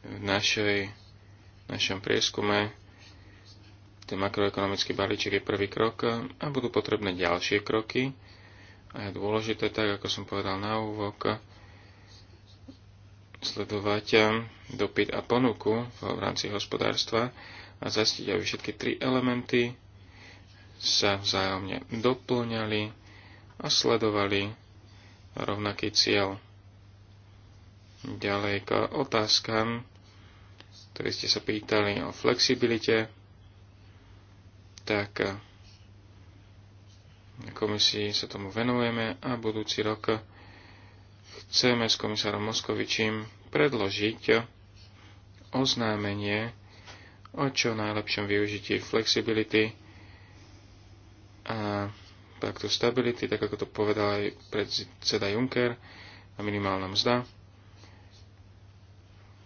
v našej, našom prieskume ten makroekonomický balíček je prvý krok a budú potrebné ďalšie kroky. A je dôležité, tak ako som povedal na úvok, sledovať dopyt a ponuku v rámci hospodárstva a zastiť, aby všetky tri elementy sa vzájomne doplňali a sledovali rovnaký cieľ. Ďalej k otázkam, ktoré ste sa pýtali o flexibilite, tak na eh, komisii sa tomu venujeme a budúci rok chceme s komisárom Moskovičím predložiť oznámenie o čo najlepšom využití flexibility a paktu stability, tak ako to povedal aj predseda Juncker, a minimálna mzda.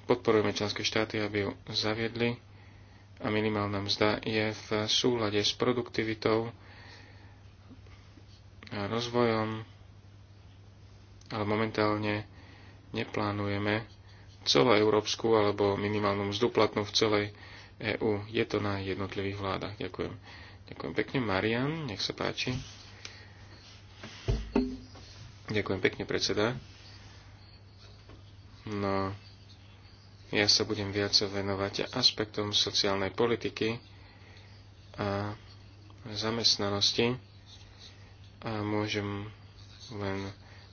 Podporujeme členské štáty, aby ju zaviedli a minimálna mzda je v súlade s produktivitou a rozvojom, ale momentálne neplánujeme celoeurópsku alebo minimálnu mzdu platnú v celej EÚ. Je to na jednotlivých vládach. Ďakujem. Ďakujem pekne. Marian, nech sa páči. Ďakujem pekne, predseda. No, ja sa budem viac venovať aspektom sociálnej politiky a zamestnanosti a môžem len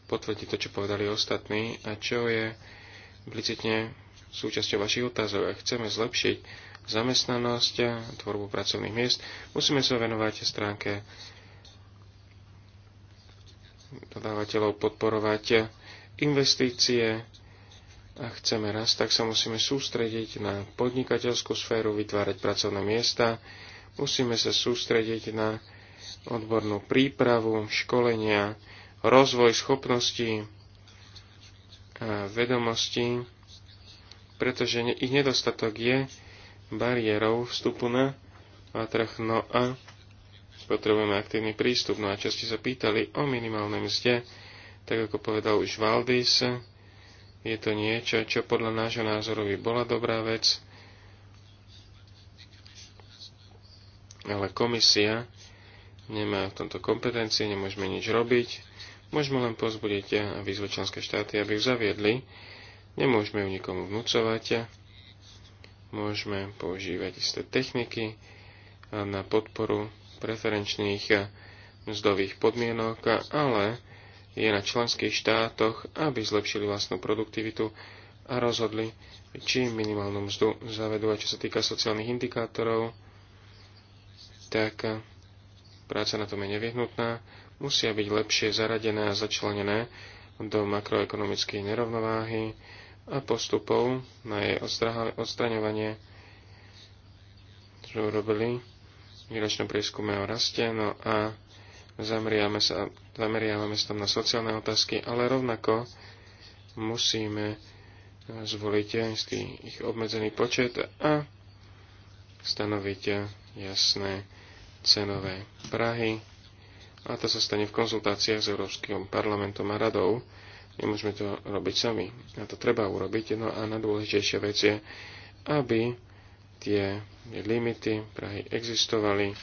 potvrdiť to, čo povedali ostatní a čo je implicitne súčasťou vašich otázov. Ak chceme zlepšiť zamestnanosť a tvorbu pracovných miest, musíme sa venovať stránke dodávateľov, podporovať investície a chceme raz, tak sa musíme sústrediť na podnikateľskú sféru, vytvárať pracovné miesta, musíme sa sústrediť na odbornú prípravu, školenia, rozvoj schopností a vedomostí, pretože ich nedostatok je, bariérou vstupu na trh. No a potrebujeme aktívny prístup. No a ste sa pýtali o minimálnej mzde, tak ako povedal už Valdis, je to niečo, čo podľa nášho názoru by bola dobrá vec, ale komisia nemá v tomto kompetencie, nemôžeme nič robiť. Môžeme len pozbudiť a vyzvať členské štáty, aby ju zaviedli. Nemôžeme ju nikomu vnúcovať môžeme používať isté techniky na podporu preferenčných mzdových podmienok, ale je na členských štátoch, aby zlepšili vlastnú produktivitu a rozhodli, či minimálnu mzdu zavedú. A čo sa týka sociálnych indikátorov, tak práca na tom je nevyhnutná, musia byť lepšie zaradené a začlenené do makroekonomickej nerovnováhy, a postupov na jej odstraňovanie, čo urobili v výročnom prieskume o raste, no a zameriame sa, zameriavame sa tam na sociálne otázky, ale rovnako musíme zvoliť istý ich obmedzený počet a stanoviť jasné cenové prahy. A to sa stane v konzultáciách s Európskym parlamentom a radou. Nemôžeme to robiť sami. A to treba urobiť. No a najdôležitejšia vec je, aby tie limity Prahy existovali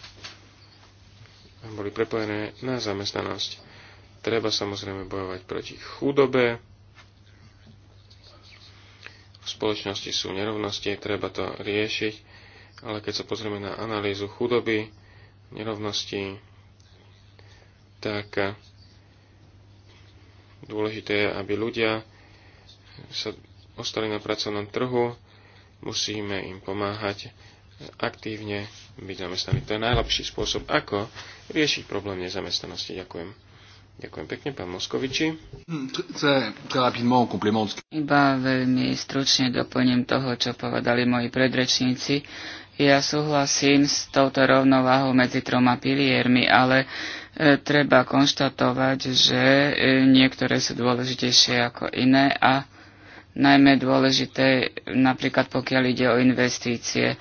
a boli prepojené na zamestnanosť. Treba samozrejme bojovať proti chudobe. V spoločnosti sú nerovnosti, treba to riešiť, ale keď sa pozrieme na analýzu chudoby, nerovnosti, tak Dôležité je, aby ľudia sa ostali na pracovnom trhu, musíme im pomáhať aktívne byť zamestnaní. To je najlepší spôsob, ako riešiť problém nezamestnanosti. Ďakujem. Ďakujem pekne, pán Moskoviči. Hmm, Iba veľmi stručne doplním toho, čo povedali moji predrečníci. Ja súhlasím s touto rovnováhou medzi troma piliermi, ale e, treba konštatovať, že e, niektoré sú dôležitejšie ako iné a najmä dôležité napríklad pokiaľ ide o investície.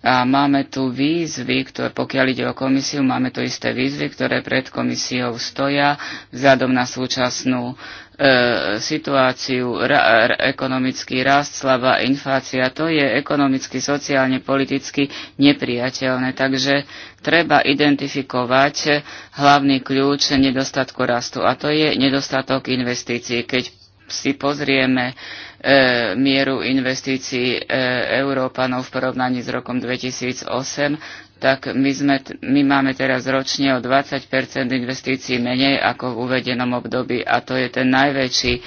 A máme tu výzvy, ktoré, pokiaľ ide o komisiu, máme tu isté výzvy, ktoré pred komisiou stoja vzhľadom na súčasnú e, situáciu, ra, ra, ekonomický rast, slabá inflácia. To je ekonomicky, sociálne, politicky nepriateľné. Takže treba identifikovať hlavný kľúč nedostatku rastu a to je nedostatok investícií. Keď si pozrieme E, mieru investícií e, Európanov v porovnaní s rokom 2008, tak my, sme, my máme teraz ročne o 20 investícií menej ako v uvedenom období a to je ten najväčší e,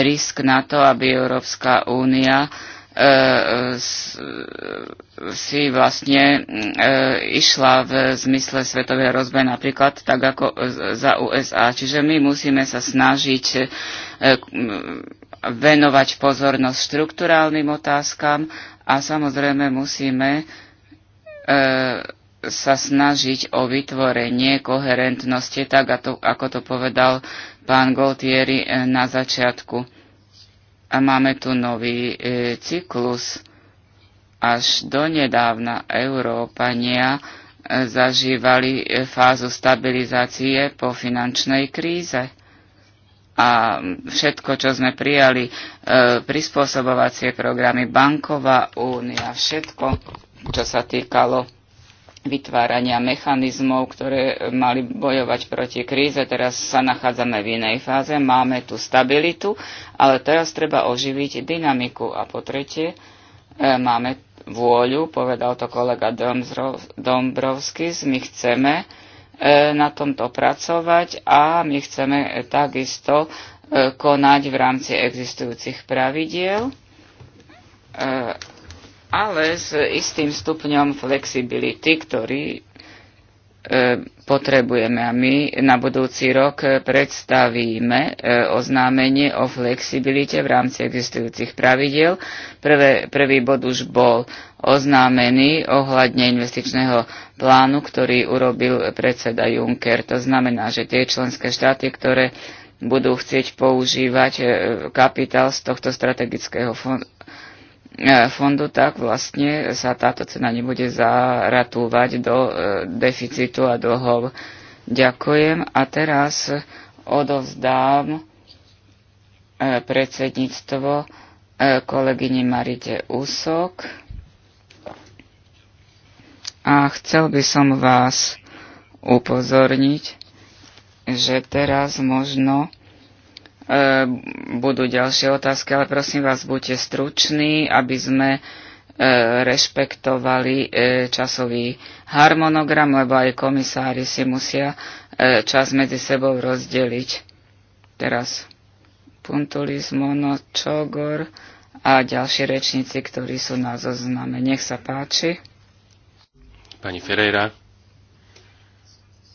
risk na to, aby Európska únia si vlastne išla v zmysle svetového rozbe napríklad tak ako za USA. Čiže my musíme sa snažiť venovať pozornosť štruktúrálnym otázkam a samozrejme musíme e, sa snažiť o vytvorenie koherentnosti, tak ako to povedal pán Goltieri e, na začiatku. A máme tu nový e, cyklus. Až donedávna Európania e, zažívali e, fázu stabilizácie po finančnej kríze a všetko, čo sme prijali, e, prispôsobovacie programy, banková únia, všetko, čo sa týkalo vytvárania mechanizmov, ktoré mali bojovať proti kríze. Teraz sa nachádzame v inej fáze, máme tu stabilitu, ale teraz treba oživiť dynamiku. A po tretie, e, máme vôľu, povedal to kolega Dombrovskis, my chceme, E, na tomto pracovať a my chceme takisto e, konať v rámci existujúcich pravidiel, e, ale s istým stupňom flexibility, ktorý potrebujeme. A my na budúci rok predstavíme oznámenie o flexibilite v rámci existujúcich pravidiel. Prvé, prvý bod už bol oznámený ohľadne investičného plánu, ktorý urobil predseda Juncker. To znamená, že tie členské štáty, ktoré budú chcieť používať e, kapitál z tohto strategického fondu, e, fondu, tak vlastne sa táto cena nebude zaratúvať do e, deficitu a dlhov. Ďakujem a teraz odovzdám predsedníctvo kolegyni Marite Úsok a chcel by som vás upozorniť, že teraz možno e, budú ďalšie otázky, ale prosím vás, buďte struční, aby sme e, rešpektovali e, časový harmonogram, lebo aj komisári si musia e, čas medzi sebou rozdeliť. Teraz Puntulis, Mono, Čogor a ďalší rečníci, ktorí sú na zozname. Nech sa páči. Pani Ferreira.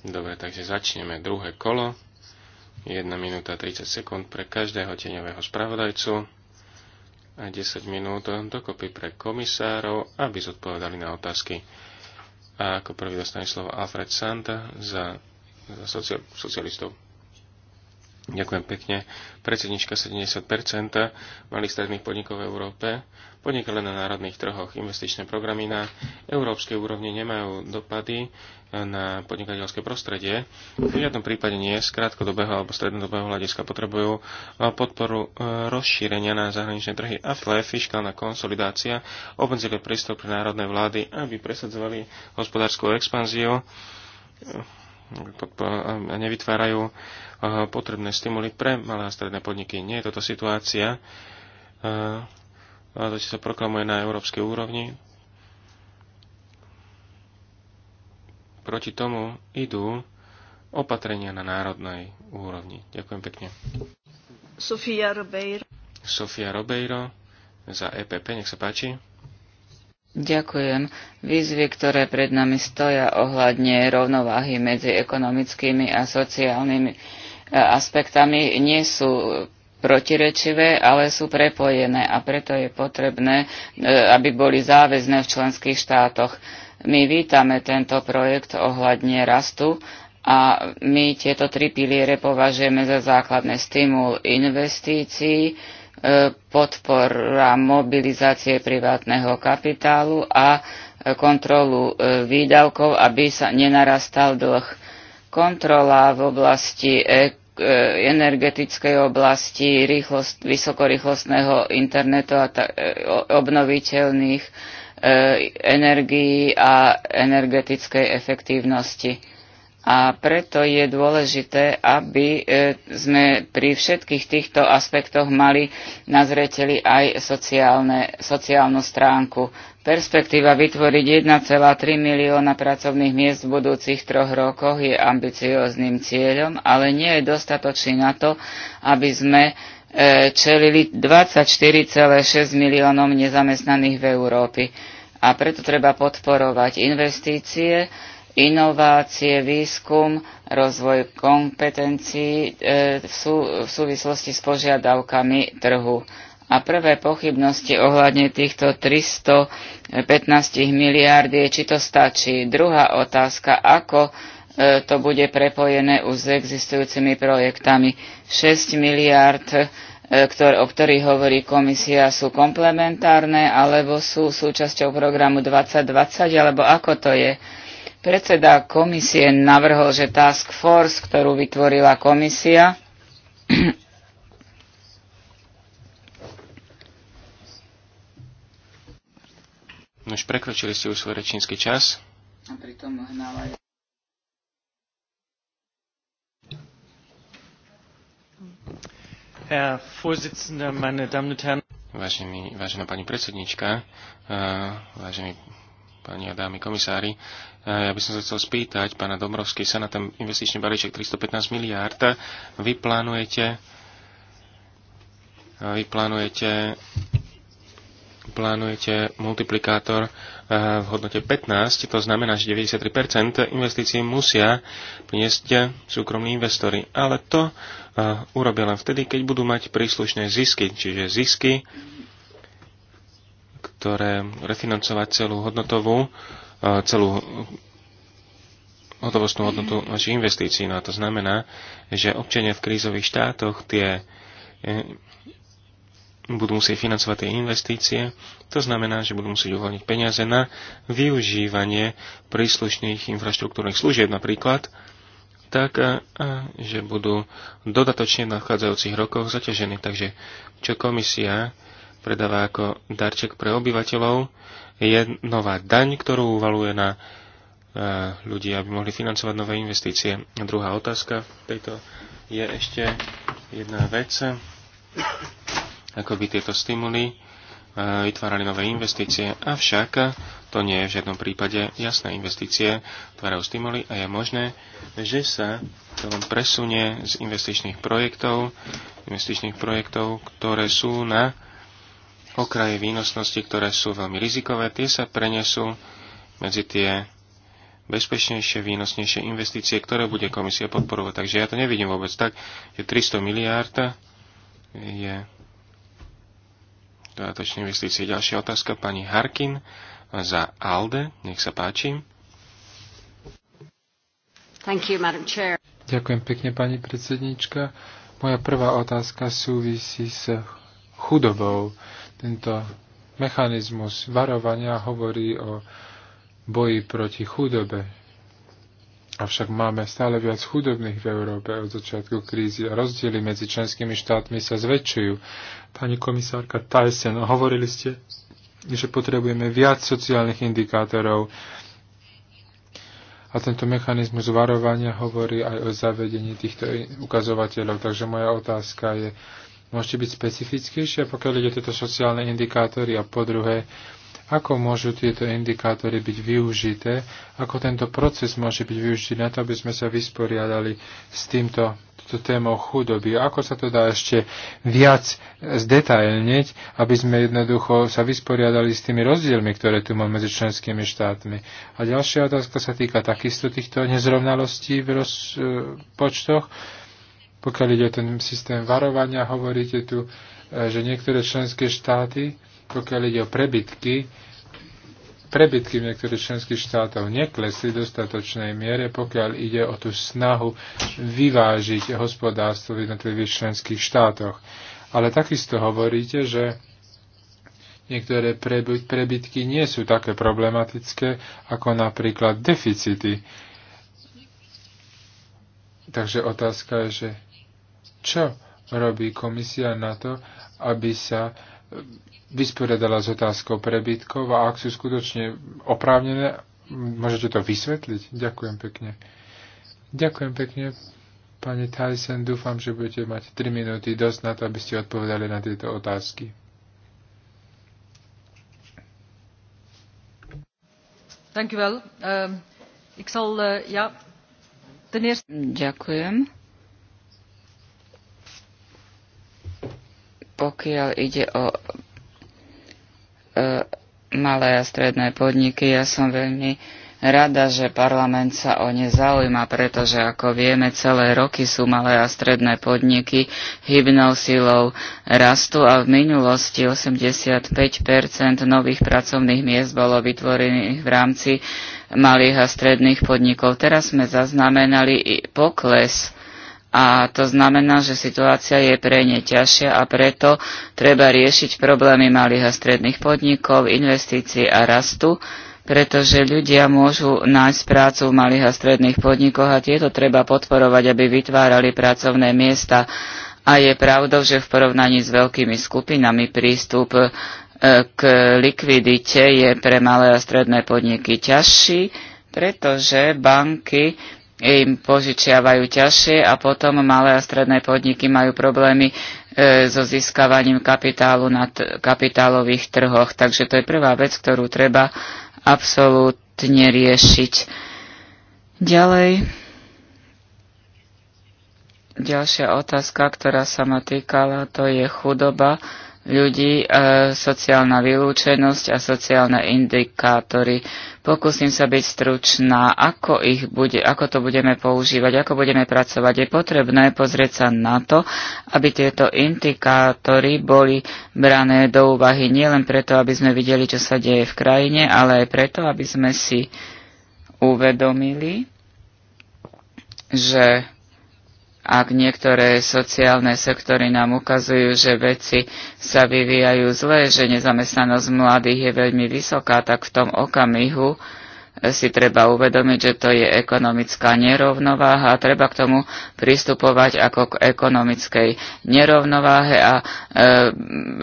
Dobre, takže začneme druhé kolo. 1 minúta 30 sekúnd pre každého tieňového spravodajcu a 10 minút dokopy pre komisárov, aby zodpovedali na otázky. A ako prvý dostane slovo Alfred Santa za, za socialistov. Ďakujem pekne. Predsednička 70 malých stredných podnikov v Európe podniká len na národných trhoch. Investičné programy na európskej úrovni nemajú dopady na podnikateľské prostredie. V žiadnom prípade nie z krátkodobého alebo strednodobého hľadiska potrebujú podporu e, rozšírenia na zahraničné trhy a tle fiskálna konsolidácia obmedzili prístup pre národné vlády, aby presadzovali hospodárskú expanziu nevytvárajú eh, potrebné stimuly pre malé a stredné podniky. Nie je toto situácia, eh, to sa proklamuje na európskej úrovni. Proti tomu idú opatrenia na národnej úrovni. Ďakujem pekne. Sofia Robeiro. Sofia Robeiro za EPP, nech sa páči. Ďakujem. Výzvy, ktoré pred nami stoja ohľadne rovnováhy medzi ekonomickými a sociálnymi e, aspektami, nie sú protirečivé, ale sú prepojené a preto je potrebné, e, aby boli záväzné v členských štátoch. My vítame tento projekt ohľadne rastu a my tieto tri piliere považujeme za základné stimul investícií, E, podpora mobilizácie privátneho kapitálu a e, kontrolu e, výdavkov, aby sa nenarastal dlh. Kontrola v oblasti energetickej oblasti, rýchlost, vysokorýchlostného internetu a ta, obnoviteľných energií a energetickej efektívnosti a preto je dôležité, aby e, sme pri všetkých týchto aspektoch mali na zreteli aj sociálne, sociálnu stránku. Perspektíva vytvoriť 1,3 milióna pracovných miest v budúcich troch rokoch je ambiciózným cieľom, ale nie je dostatočný na to, aby sme e, čelili 24,6 miliónom nezamestnaných v Európe. A preto treba podporovať investície, inovácie, výskum, rozvoj kompetencií e, v, sú, v súvislosti s požiadavkami trhu. A prvé pochybnosti ohľadne týchto 315 miliárd je, či to stačí. Druhá otázka, ako e, to bude prepojené už s existujúcimi projektami. 6 miliárd, e, o ktorých hovorí komisia, sú komplementárne alebo sú súčasťou programu 2020, alebo ako to je? Predseda komisie navrhol, že task force, ktorú vytvorila komisia, no Už prekročili ste už svoj rečnícky čas. A pritom hnávajú. Herr Vorsitzende, meine Damen und Herren. Vážený, vážená pani predsednička, uh, vážení pani a dámy komisári, E, ja by som sa chcel spýtať, pána Domrovský, sa na ten investičný balíček 315 miliárd vy plánujete, e, vy plánujete, plánujete multiplikátor e, v hodnote 15, to znamená, že 93% investícií musia priniesť súkromní investori. Ale to urobia len vtedy, keď budú mať príslušné zisky, čiže zisky, ktoré refinancovať celú hodnotovú celú hotovostnú hodnotu našich investícií. No a to znamená, že občania v krízových štátoch tie e, budú musieť financovať tie investície. To znamená, že budú musieť uvoľniť peniaze na využívanie príslušných infraštruktúrnych služieb napríklad, tak, e, že budú dodatočne v nadchádzajúcich rokoch zaťažení. Takže čo komisia predáva ako darček pre obyvateľov, je nová daň, ktorú uvaluje na e, ľudí, aby mohli financovať nové investície. A druhá otázka tejto je ešte jedna vec, ako by tieto stimuly e, vytvárali nové investície, avšak to nie je v žiadnom prípade jasné investície, tvárajú stimuly a je možné, že sa to len presunie z investičných projektov, investičných projektov, ktoré sú na okraje výnosnosti, ktoré sú veľmi rizikové, tie sa prenesú medzi tie bezpečnejšie, výnosnejšie investície, ktoré bude komisia podporovať. Takže ja to nevidím vôbec tak, že 300 miliárd je dodatočné investície. Ďalšia otázka pani Harkin za ALDE. Nech sa páči. Thank you, Madam Chair. Ďakujem pekne, pani predsednička. Moja prvá otázka súvisí s chudobou. Tento mechanizmus varovania hovorí o boji proti chudobe. Avšak máme stále viac chudobných v Európe od začiatku krízy a rozdiely medzi členskými štátmi sa zväčšujú. Pani komisárka Tyson, hovorili ste, že potrebujeme viac sociálnych indikátorov, a tento mechanizmus varovania hovorí aj o zavedení týchto ukazovateľov. Takže moja otázka je, Môžete byť specifickejšie, pokiaľ ide tieto sociálne indikátory a po druhé, ako môžu tieto indikátory byť využité, ako tento proces môže byť využitý na to, aby sme sa vysporiadali s týmto túto témou chudoby. Ako sa to dá ešte viac zdetailneť, aby sme jednoducho sa vysporiadali s tými rozdielmi, ktoré tu máme medzi členskými štátmi. A ďalšia otázka sa týka takisto týchto nezrovnalostí v rozpočtoch. Eh, uh, pokiaľ ide o ten systém varovania, hovoríte tu, e, že niektoré členské štáty, pokiaľ ide o prebytky, prebytky v niektorých členských štátov neklesli v dostatočnej miere, pokiaľ ide o tú snahu vyvážiť hospodárstvo v jednotlivých členských štátoch. Ale takisto hovoríte, že niektoré prebytky nie sú také problematické ako napríklad deficity. Takže otázka je, že čo robí komisia na to, aby sa e, vysporiadala s otázkou prebytkov a ak sú skutočne oprávnené, môžete to vysvetliť? Ďakujem pekne. Ďakujem pekne, pani Tyson. Dúfam, že budete mať 3 minúty dosť na to, aby ste odpovedali na tieto otázky. Dank um, ik zal, uh, ja, ten eerste... Ďakujem. pokiaľ ide o e, malé a stredné podniky, ja som veľmi rada, že parlament sa o ne zaujíma, pretože ako vieme, celé roky sú malé a stredné podniky hybnou silou rastu a v minulosti 85 nových pracovných miest bolo vytvorených v rámci malých a stredných podnikov. Teraz sme zaznamenali i pokles a to znamená, že situácia je pre ne ťažšia a preto treba riešiť problémy malých a stredných podnikov, investícií a rastu, pretože ľudia môžu nájsť prácu v malých a stredných podnikoch a tieto treba podporovať, aby vytvárali pracovné miesta. A je pravdou, že v porovnaní s veľkými skupinami prístup e, k likvidite je pre malé a stredné podniky ťažší, pretože banky im požičiavajú ťažšie a potom malé a stredné podniky majú problémy e, so získavaním kapitálu na kapitálových trhoch. Takže to je prvá vec, ktorú treba absolútne riešiť. Ďalej. Ďalšia otázka, ktorá sa ma týkala, to je chudoba ľudí, e, sociálna vylúčenosť a sociálne indikátory. Pokúsim sa byť stručná, ako, ich bude, ako to budeme používať, ako budeme pracovať. Je potrebné pozrieť sa na to, aby tieto indikátory boli brané do úvahy nielen preto, aby sme videli, čo sa deje v krajine, ale aj preto, aby sme si uvedomili, že ak niektoré sociálne sektory nám ukazujú, že veci sa vyvíjajú zle, že nezamestnanosť mladých je veľmi vysoká, tak v tom okamihu si treba uvedomiť, že to je ekonomická nerovnováha a treba k tomu pristupovať ako k ekonomickej nerovnováhe a e,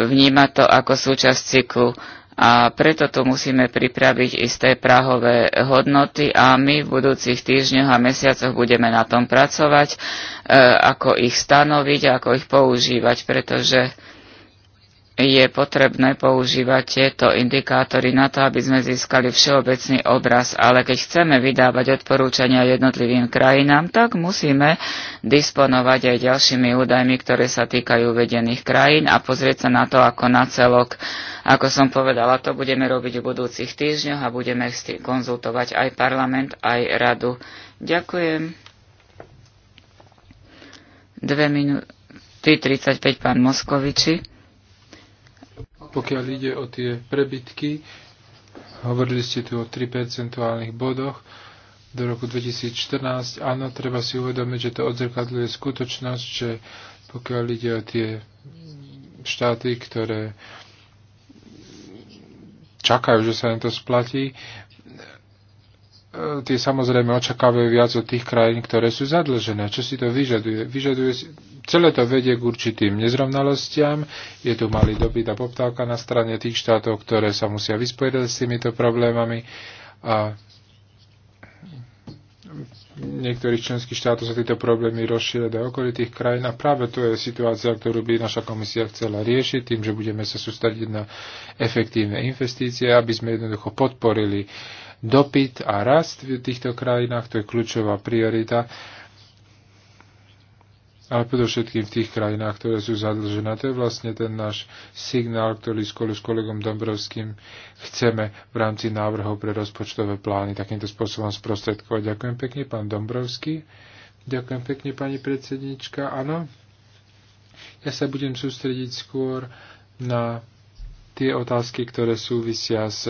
vnímať to ako súčasť cyklu a preto tu musíme pripraviť isté prahové hodnoty a my v budúcich týždňoch a mesiacoch budeme na tom pracovať, e, ako ich stanoviť, ako ich používať, pretože je potrebné používať tieto indikátory na to, aby sme získali všeobecný obraz, ale keď chceme vydávať odporúčania jednotlivým krajinám, tak musíme disponovať aj ďalšími údajmi, ktoré sa týkajú vedených krajín a pozrieť sa na to ako na celok. Ako som povedala, to budeme robiť v budúcich týždňoch a budeme konzultovať aj parlament, aj radu. Ďakujem. Dve minúty 35 pán Moskoviči. Pokiaľ ide o tie prebytky, hovorili ste tu o 3 percentuálnych bodoch do roku 2014. Áno, treba si uvedomiť, že to odzrkadľuje skutočnosť, že pokiaľ ide o tie štáty, ktoré čakajú, že sa im to splatí, E, tie samozrejme očakávajú viac od tých krajín, ktoré sú zadlžené. Čo si to vyžaduje? Vyžaduje celé to vedie k určitým nezrovnalostiam. Je tu malý dobyt a poptávka na strane tých štátov, ktoré sa musia vyspovedať s týmito problémami. A niektorých členských štátov sa tieto problémy rozšíria do okolitých krajín a práve to je situácia, ktorú by naša komisia chcela riešiť tým, že budeme sa sústrediť na efektívne investície, aby sme jednoducho podporili uh, dopyt a rast v týchto krajinách, to je kľúčová priorita, ale predovšetkým v tých krajinách, ktoré sú zadlžené. To je vlastne ten náš signál, ktorý spolu s kolegom Dombrovským chceme v rámci návrhov pre rozpočtové plány takýmto spôsobom sprostredkovať. Ďakujem pekne, pán Dombrovský. Ďakujem pekne, pani predsednička. Áno, ja sa budem sústrediť skôr na tie otázky, ktoré súvisia s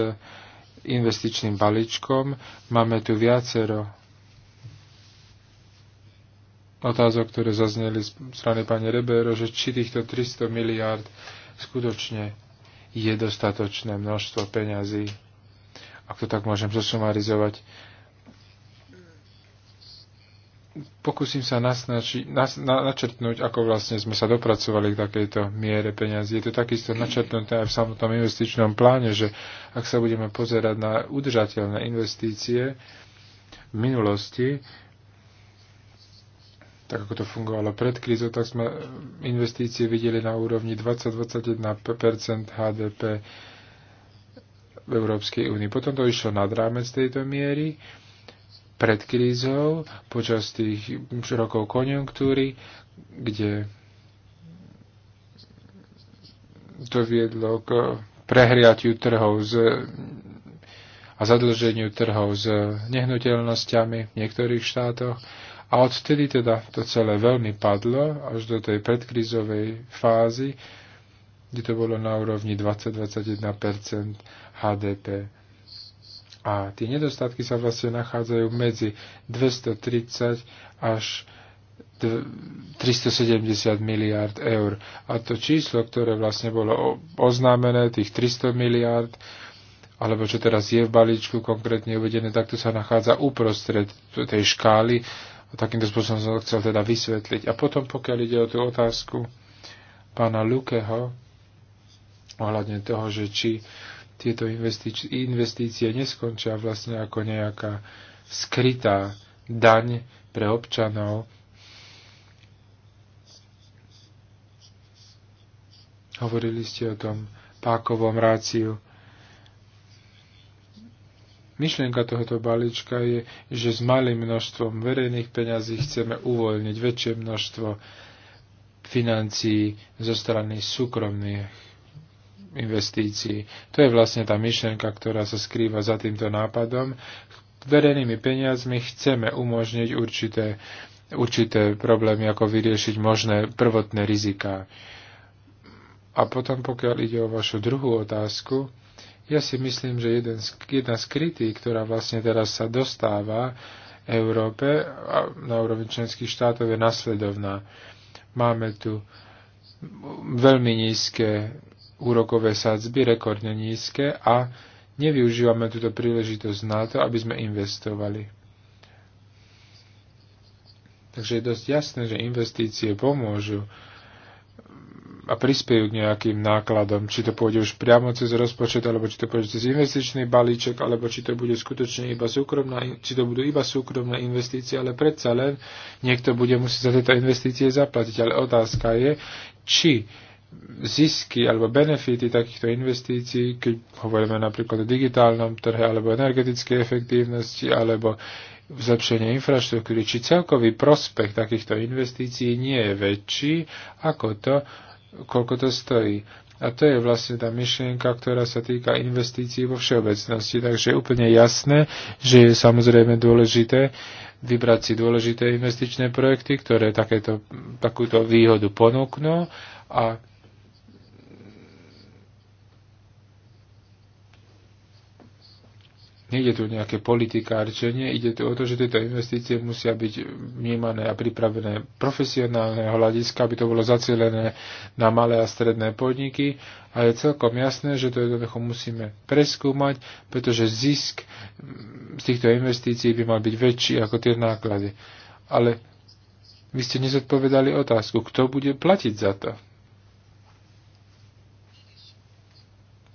investičným balíčkom. Máme tu viacero otázok, ktoré zazneli z strany pani Rebero, že či týchto 300 miliárd skutočne je dostatočné množstvo peňazí, ak to tak môžem zosumarizovať, pokúsim sa nasnači, nas, na, načrtnúť, ako vlastne sme sa dopracovali k takejto miere peniazy. Je to takisto načrtnuté aj v samotnom investičnom pláne, že ak sa budeme pozerať na udržateľné investície v minulosti, tak ako to fungovalo pred krízou, tak sme investície videli na úrovni 20-21 HDP v Európskej únii. Potom to išlo nad rámec tejto miery pred krízou, počas tých rokov konjunktúry, kde to viedlo k prehriatiu trhov z, a zadlženiu trhov s nehnuteľnosťami v niektorých štátoch. A odtedy teda to celé veľmi padlo až do tej predkrízovej fázy, kde to bolo na úrovni 20-21 HDP. A tie nedostatky sa vlastne nachádzajú medzi 230 až 370 miliárd eur. A to číslo, ktoré vlastne bolo oznámené, tých 300 miliárd, alebo čo teraz je v balíčku konkrétne uvedené, tak to sa nachádza uprostred tej škály. A takýmto spôsobom som to chcel teda vysvetliť. A potom, pokiaľ ide o tú otázku pána Lukeho, ohľadne toho, že či tieto investície, investície neskončia vlastne ako nejaká skrytá daň pre občanov. Hovorili ste o tom pákovom ráciu. Myšlienka tohoto balíčka je, že s malým množstvom verejných peňazí chceme uvoľniť väčšie množstvo financií zo strany súkromných investícií. To je vlastne tá myšlenka, ktorá sa skrýva za týmto nápadom. Verejnými peniazmi chceme umožniť určité, určité problémy, ako vyriešiť možné prvotné riziká. A potom, pokiaľ ide o vašu druhú otázku, ja si myslím, že jeden jedna z kritík, ktorá vlastne teraz sa dostáva Európe a na úrovni členských štátov je nasledovná. Máme tu veľmi nízke úrokové sadzby rekordne nízke a nevyužívame túto príležitosť na to, aby sme investovali. Takže je dosť jasné, že investície pomôžu a prispiejú k nejakým nákladom, či to pôjde už priamo cez rozpočet, alebo či to pôjde cez investičný balíček, alebo či to bude skutočne iba súkromná, či to budú iba súkromné investície, ale predsa len niekto bude musieť za tieto investície zaplatiť. Ale otázka je, či zisky alebo benefity takýchto investícií, keď hovoríme napríklad o digitálnom trhe alebo energetickej efektívnosti alebo zlepšenie infraštruktúry, či celkový prospekt takýchto investícií nie je väčší ako to, koľko to stojí. A to je vlastne tá myšlienka, ktorá sa týka investícií vo všeobecnosti. Takže je úplne jasné, že je samozrejme dôležité vybrať si dôležité investičné projekty, ktoré takéto, takúto výhodu ponúknú a Nejde tu nejaké politikárčenie, ide tu o to, že tieto investície musia byť vnímané a pripravené profesionálneho hľadiska, aby to bolo zacielené na malé a stredné podniky a je celkom jasné, že to jednoducho musíme preskúmať, pretože zisk z týchto investícií by mal byť väčší ako tie náklady. Ale vy ste nezodpovedali otázku, kto bude platiť za to.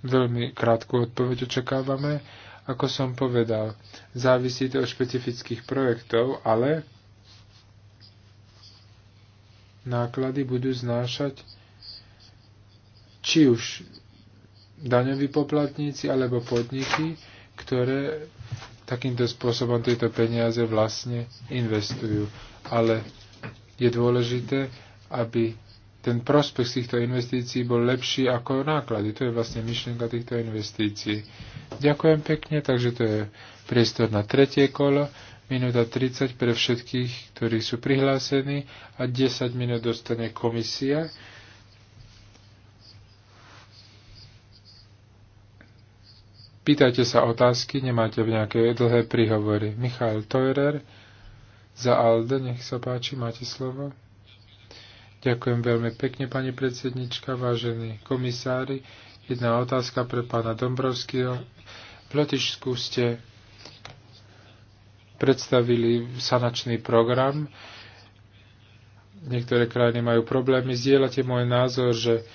Veľmi krátku odpoveď očakávame ako som povedal, závisí to od špecifických projektov, ale náklady budú znášať či už daňoví poplatníci alebo podniky, ktoré takýmto spôsobom tieto peniaze vlastne investujú. Ale je dôležité, aby ten prospech z týchto investícií bol lepší ako náklady. To je vlastne myšlienka týchto investícií. Ďakujem pekne, takže to je priestor na tretie kolo, minúta 30 pre všetkých, ktorí sú prihlásení a 10 minút dostane komisia. Pýtajte sa otázky, nemáte v nejaké dlhé príhovory. Michal Teurer za ALDE, nech sa páči, máte slovo. Ďakujem veľmi pekne, pani predsednička, vážení komisári. Jedna otázka pre pána Dombrovského. V Lotyšsku ste predstavili sanačný program. Niektoré krajiny majú problémy. Zdieľate môj názor, že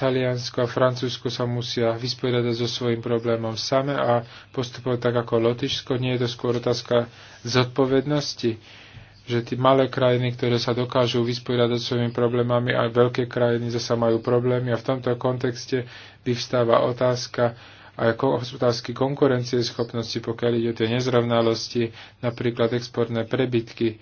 Taliansko a Francúzsko sa musia vyspovedať so svojím problémom same a postupovať tak ako Lotyšsko. Nie je to skôr otázka zodpovednosti že tie malé krajiny, ktoré sa dokážu vysporiadať so svojimi problémami, aj veľké krajiny zase majú problémy a v tomto kontexte vyvstáva otázka aj konkurencie schopnosti, pokiaľ ide o tie nezrovnalosti, napríklad exportné prebytky.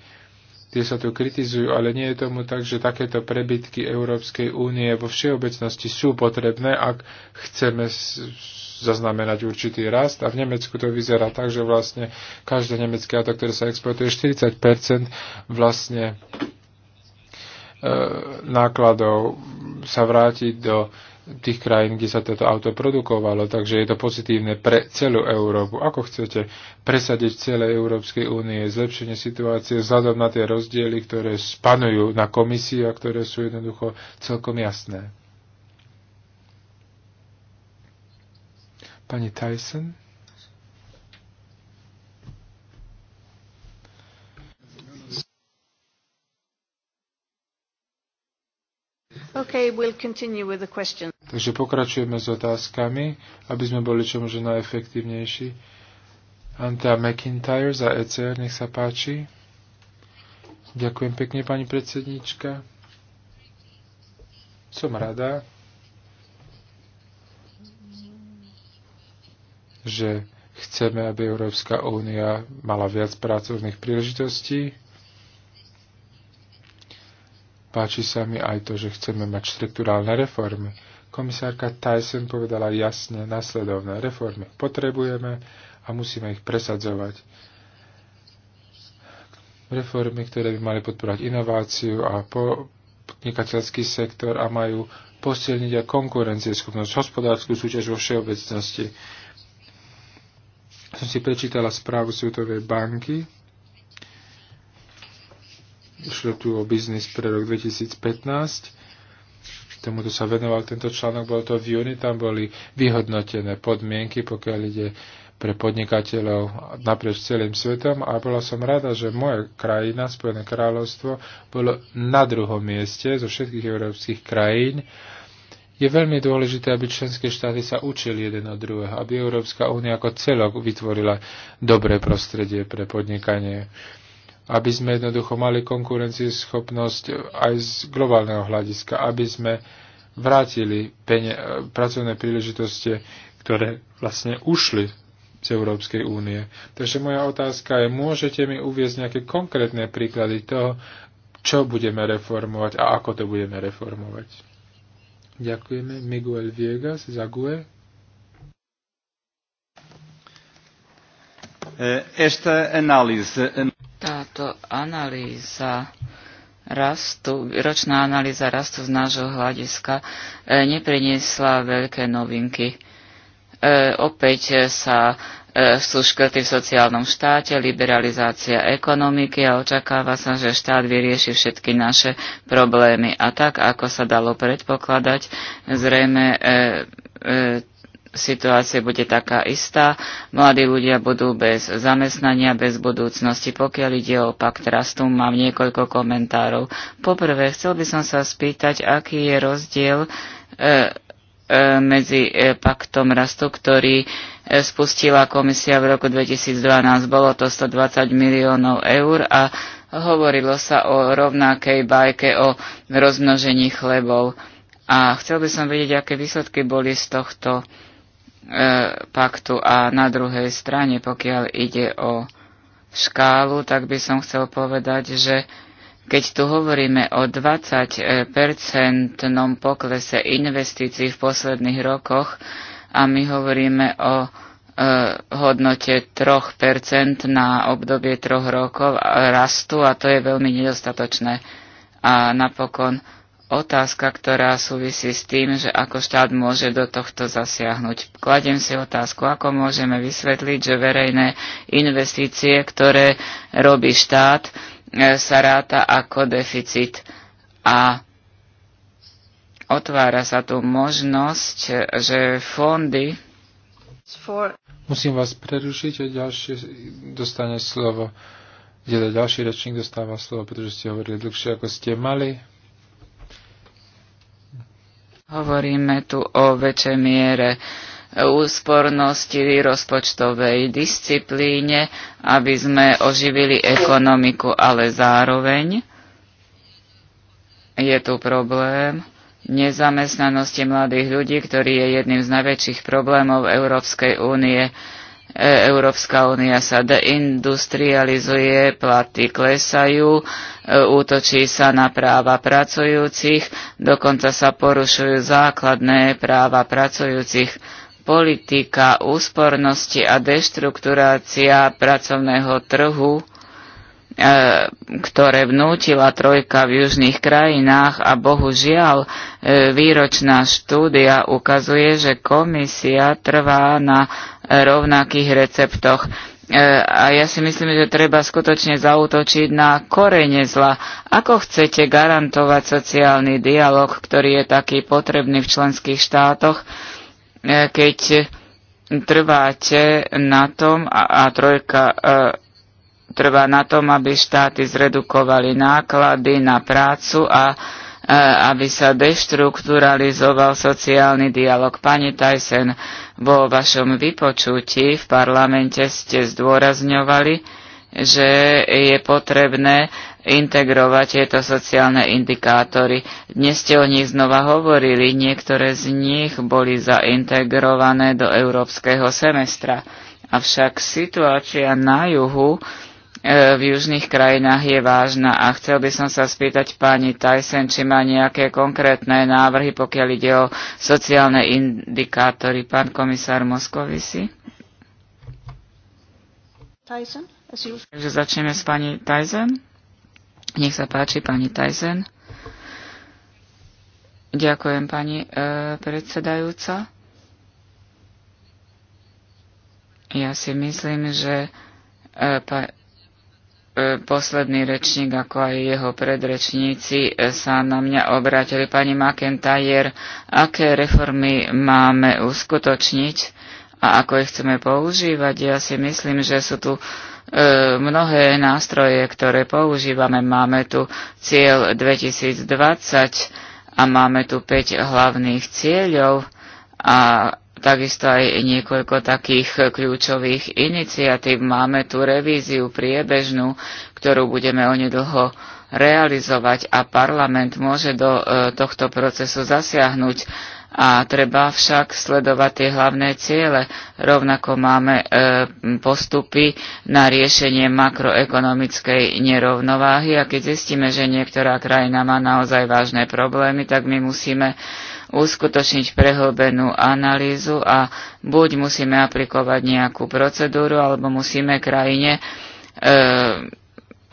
Tie sa tu kritizujú, ale nie je tomu tak, že takéto prebytky Európskej únie vo všeobecnosti sú potrebné, ak chceme zaznamenať určitý rast a v Nemecku to vyzerá tak, že vlastne každé nemecké auto, ktoré sa exportuje, 40% vlastne e, nákladov sa vráti do tých krajín, kde sa toto auto produkovalo, takže je to pozitívne pre celú Európu. Ako chcete presadiť v celej Európskej únie zlepšenie situácie vzhľadom na tie rozdiely, ktoré spanujú na komisii a ktoré sú jednoducho celkom jasné? Pani Tyson. Okay, we'll continue with the question. Takže pokračujeme s otázkami, aby sme boli čo možno najefektívnejší. Anta McIntyre za ECR, nech sa páči. Ďakujem pekne, pani predsednička. Som rada, že chceme, aby Európska únia mala viac pracovných príležitostí. Páči sa mi aj to, že chceme mať štruktúrálne reformy. Komisárka Tyson povedala jasne nasledovné reformy. Potrebujeme a musíme ich presadzovať. Reformy, ktoré by mali podporovať inováciu a podnikateľský sektor a majú posilniť aj konkurencieschopnosť, hospodárskú súťaž vo všeobecnosti som si prečítala správu Svetovej banky. Išlo tu o biznis pre rok 2015. Tomuto sa venoval tento článok, bol to v júni, tam boli vyhodnotené podmienky, pokiaľ ide pre podnikateľov naprieč celým svetom a bola som rada, že moja krajina, Spojené kráľovstvo, bolo na druhom mieste zo všetkých európskych krajín je veľmi dôležité, aby členské štáty sa učili jeden od druhého, aby Európska únia ako celok vytvorila dobré prostredie pre podnikanie, aby sme jednoducho mali konkurencieschopnosť aj z globálneho hľadiska, aby sme vrátili penie, pracovné príležitosti, ktoré vlastne ušli z Európskej únie. Takže moja otázka je, môžete mi uviezť nejaké konkrétne príklady toho, čo budeme reformovať a ako to budeme reformovať? Ďakujeme. Miguel Viegas za Ague. Eh, esta analýza... Táto analýza rastu, ročná analýza rastu z nášho hľadiska eh, nepriniesla veľké novinky. Eh, opäť sa E, sú škrty v sociálnom štáte, liberalizácia ekonomiky a očakáva sa, že štát vyrieši všetky naše problémy. A tak, ako sa dalo predpokladať, zrejme e, e, situácia bude taká istá. Mladí ľudia budú bez zamestnania, bez budúcnosti. Pokiaľ ide o pakt rastu, mám niekoľko komentárov. Poprvé, chcel by som sa spýtať, aký je rozdiel e, E, medzi e, paktom rastu, ktorý e, spustila komisia v roku 2012. Bolo to 120 miliónov eur a hovorilo sa o rovnakej bajke o rozmnožení chlebov. A chcel by som vidieť, aké výsledky boli z tohto e, paktu. A na druhej strane, pokiaľ ide o škálu, tak by som chcel povedať, že keď tu hovoríme o 20-percentnom poklese investícií v posledných rokoch a my hovoríme o e, hodnote 3% na obdobie troch rokov rastu a to je veľmi nedostatočné. A napokon otázka, ktorá súvisí s tým, že ako štát môže do tohto zasiahnuť. Kladiem si otázku, ako môžeme vysvetliť, že verejné investície, ktoré robí štát, sa ráta ako deficit. A otvára sa tu možnosť, že fondy. Musím vás prerušiť a ďalšie dostane slovo. Kde ďalší rečník dostáva slovo, pretože ste hovorili dlhšie, ako ste mali. Hovoríme tu o väčšej miere uh, úspornosti, rozpočtovej disciplíne, aby sme oživili ekonomiku, ale zároveň je tu problém nezamestnanosti mladých ľudí, ktorý je jedným z najväčších problémov Európskej únie. E, Európska únia sa deindustrializuje, platy klesajú, e, útočí sa na práva pracujúcich, dokonca sa porušujú základné práva pracujúcich politika úspornosti a deštrukturácia pracovného trhu, e, ktoré vnútila trojka v južných krajinách a bohužiaľ e, výročná štúdia ukazuje, že komisia trvá na rovnakých receptoch. E, a ja si myslím, že treba skutočne zautočiť na korene zla. Ako chcete garantovať sociálny dialog, ktorý je taký potrebný v členských štátoch, E, keď trváte na tom a, a trojka e, trvá na tom, aby štáty zredukovali náklady na prácu a e, aby sa deštrukturalizoval sociálny dialog. Pani Tyson, vo vašom vypočutí v parlamente ste zdôrazňovali, že je potrebné integrovať tieto sociálne indikátory. Dnes ste o nich znova hovorili, niektoré z nich boli zaintegrované do európskeho semestra. Avšak situácia na juhu e, v južných krajinách je vážna a chcel by som sa spýtať pani Tyson, či má nejaké konkrétne návrhy, pokiaľ ide o sociálne indikátory. Pán komisár Moskovisi. Tyson, Takže začneme s pani Tyson. Nech sa páči, pani Tyson. Ďakujem, pani e, predsedajúca. Ja si myslím, že e, pa, e, posledný rečník, ako aj jeho predrečníci, e, sa na mňa obrátili. Pani McIntyre, aké reformy máme uskutočniť a ako ich chceme používať? Ja si myslím, že sú tu E, mnohé nástroje, ktoré používame. Máme tu cieľ 2020 a máme tu 5 hlavných cieľov a takisto aj niekoľko takých kľúčových iniciatív. Máme tu revíziu priebežnú, ktorú budeme onedlho realizovať a parlament môže do e, tohto procesu zasiahnuť a treba však sledovať tie hlavné ciele. Rovnako máme e, postupy na riešenie makroekonomickej nerovnováhy a keď zistíme, že niektorá krajina má naozaj vážne problémy, tak my musíme uskutočniť prehlbenú analýzu a buď musíme aplikovať nejakú procedúru, alebo musíme krajine e,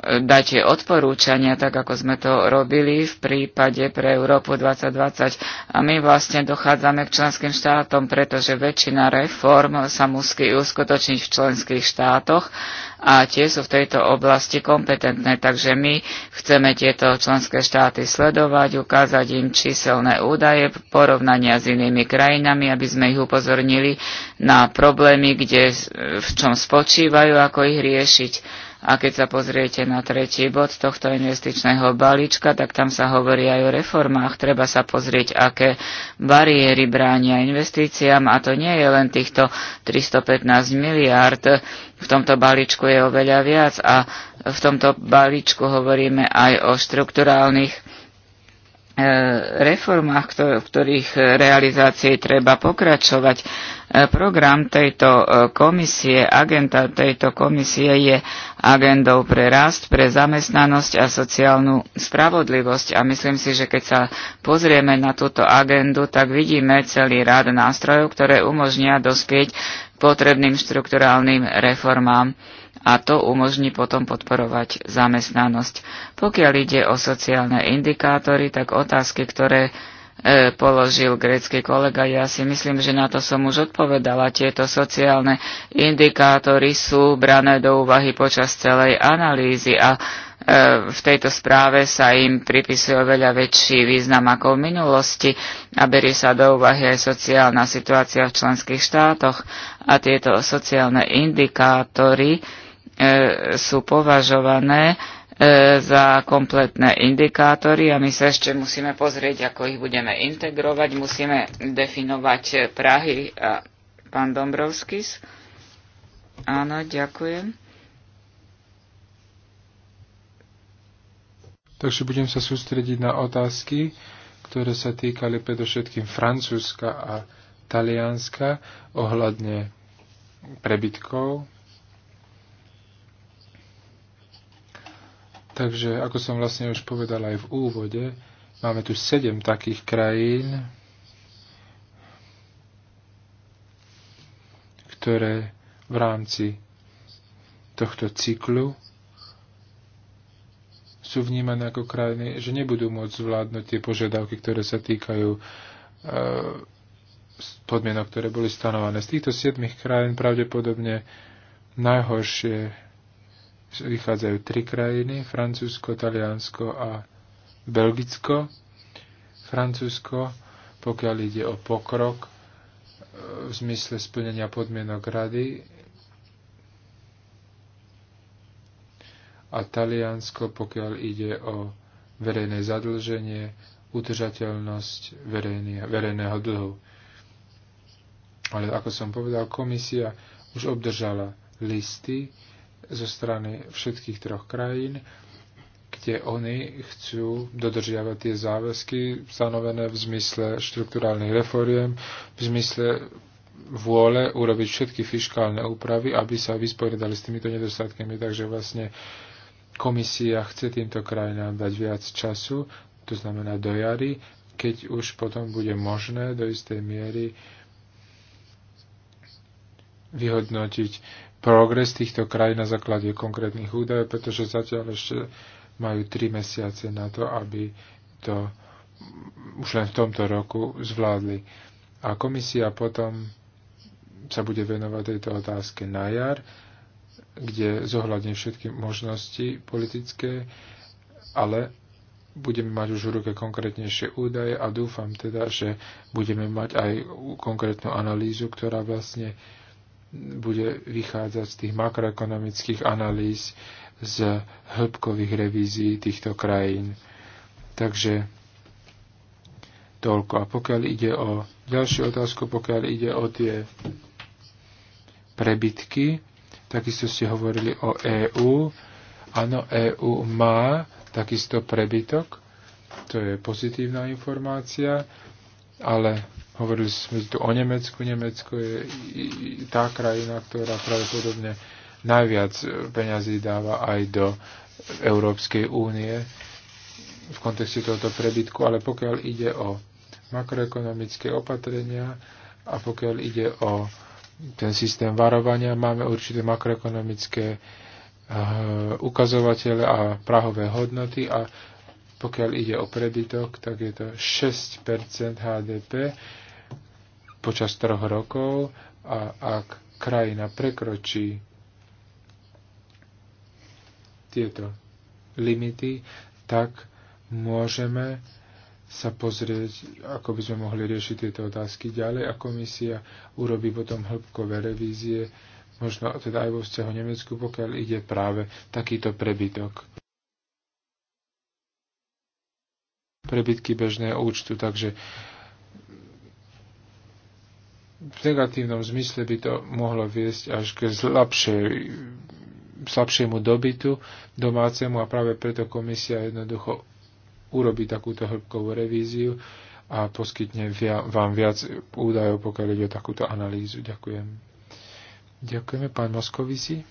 dať odporúčania, tak ako sme to robili v prípade pre Európu 2020. A my vlastne dochádzame k členským štátom, pretože väčšina reform sa musí uskutočniť v členských štátoch a tie sú v tejto oblasti kompetentné. Takže my chceme tieto členské štáty sledovať, ukázať im číselné údaje, porovnania s inými krajinami, aby sme ich upozornili na problémy, kde, v čom spočívajú, ako ich riešiť a keď sa pozriete na tretí bod tohto investičného balíčka, tak tam sa hovorí aj o reformách. Treba sa pozrieť, aké bariéry bránia investíciám. A to nie je len týchto 315 miliárd. V tomto balíčku je oveľa viac a v tomto balíčku hovoríme aj o štrukturálnych E, reformách, v ktorých realizácii treba pokračovať. E, program tejto e, komisie, agenda tejto komisie je agendou pre rast, pre zamestnanosť a sociálnu spravodlivosť. A myslím si, že keď sa pozrieme na túto agendu, tak vidíme celý rád nástrojov, ktoré umožnia dospieť potrebným štrukturálnym reformám a to umožní potom podporovať zamestnanosť. Pokiaľ ide o sociálne indikátory, tak otázky, ktoré e, položil grécky kolega, ja si myslím, že na to som už odpovedala. Tieto sociálne indikátory sú brané do úvahy počas celej analýzy a e, v tejto správe sa im pripisuje oveľa väčší význam ako v minulosti a berie sa do úvahy aj sociálna situácia v členských štátoch a tieto sociálne indikátory E, sú považované e, za kompletné indikátory a my sa ešte musíme pozrieť, ako ich budeme integrovať, musíme definovať Prahy. A pán Dombrovskis? Áno, ďakujem. Takže budem sa sústrediť na otázky, ktoré sa týkali predovšetkým Francúzska a Talianska ohľadne prebytkov Takže, ako som vlastne už povedal aj v úvode, máme tu sedem takých krajín, ktoré v rámci tohto cyklu sú vnímané ako krajiny, že nebudú môcť zvládnuť tie požiadavky, ktoré sa týkajú e, podmienok, ktoré boli stanovené. Z týchto siedmých krajín pravdepodobne najhoršie vychádzajú tri krajiny, Francúzsko, Taliansko a Belgicko. Francúzsko, pokiaľ ide o pokrok e, v zmysle splnenia podmienok rady, a Taliansko, pokiaľ ide o verejné zadlženie, udržateľnosť verejného dlhu. Ale ako som povedal, komisia už obdržala listy, zo strany všetkých troch krajín, kde oni chcú dodržiavať tie záväzky stanovené v zmysle štruktúrálnych reforiem, v zmysle vôle urobiť všetky fiskálne úpravy, aby sa vysporiadali s týmito nedostatkami. Takže vlastne komisia chce týmto krajinám dať viac času, to znamená do jary, keď už potom bude možné do istej miery vyhodnotiť progres týchto krajín na základe konkrétnych údajov, pretože zatiaľ ešte majú tri mesiace na to, aby to už len v tomto roku zvládli. A komisia potom sa bude venovať tejto otázke na jar, kde zohľadne všetky možnosti politické, ale budeme mať už v ruke konkrétnejšie údaje a dúfam teda, že budeme mať aj konkrétnu analýzu, ktorá vlastne uh, bude vychádzať z tých makroekonomických analýz, z hĺbkových revízí týchto krajín. Takže toľko. A pokiaľ ide o ďalšiu otázku, pokiaľ ide o tie prebytky, takisto ste hovorili o EÚ. Áno, EÚ má takisto prebytok, to je pozitívna informácia, ale Hovorili sme tu o Nemecku. Nemecko je tá krajina, ktorá pravdepodobne najviac peňazí dáva aj do Európskej únie v kontexte tohoto prebytku, ale pokiaľ ide o makroekonomické opatrenia a pokiaľ ide o ten systém varovania, máme určité makroekonomické eh, ukazovatele a prahové hodnoty a pokiaľ ide o prebytok, tak je to 6 HDP počas troch rokov a ak krajina prekročí tieto limity, tak môžeme sa pozrieť, ako by sme mohli riešiť tieto otázky ďalej a komisia urobí potom hĺbkové revízie, možno teda aj vo vzťahu Nemecku, pokiaľ ide práve takýto prebytok. prebytky bežného účtu. Takže v negatívnom zmysle by to mohlo viesť až k slabšej, slabšiemu dobytu domácemu a práve preto komisia jednoducho urobí takúto hĺbkovú revíziu a poskytne via, vám viac údajov, pokiaľ ide o takúto analýzu. Ďakujem. Ďakujeme, pán Moskovici.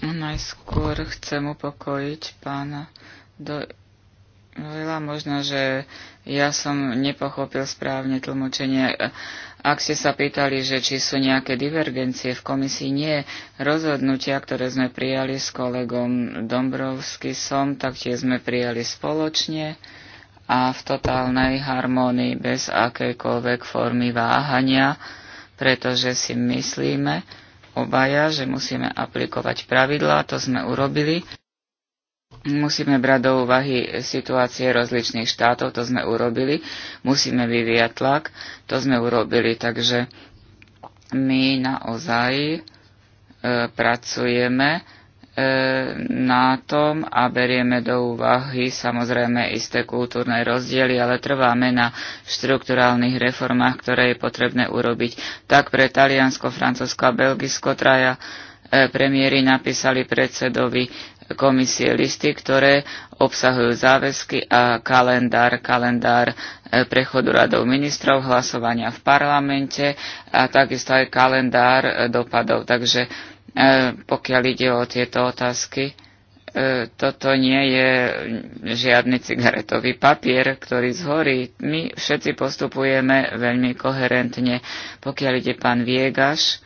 Najskôr chcem upokojiť pána do veľa. Možno, že ja som nepochopil správne tlmočenie. Ak ste sa pýtali, že či sú nejaké divergencie v komisii, nie. Rozhodnutia, ktoré sme prijali s kolegom Dombrovskisom, tak tie sme prijali spoločne a v totálnej harmónii bez akejkoľvek formy váhania, pretože si myslíme obaja, že musíme aplikovať pravidlá, to sme urobili Musíme brať do úvahy situácie rozličných štátov, to sme urobili. Musíme vyvíjať tlak, to sme urobili. Takže my naozaj e, pracujeme e, na tom a berieme do úvahy samozrejme isté kultúrne rozdiely, ale trváme na štrukturálnych reformách, ktoré je potrebné urobiť. Tak pre Taliansko, Francúzsko a Belgisko traja e, premiéry napísali predsedovi komisie listy, ktoré obsahujú záväzky a kalendár, kalendár e, prechodu radov ministrov, hlasovania v parlamente a takisto aj kalendár e, dopadov. Takže e, pokiaľ ide o tieto otázky, toto nie je žiadny cigaretový papier, ktorý zhorí. My všetci postupujeme veľmi koherentne. Pokiaľ ide pán Viegaš,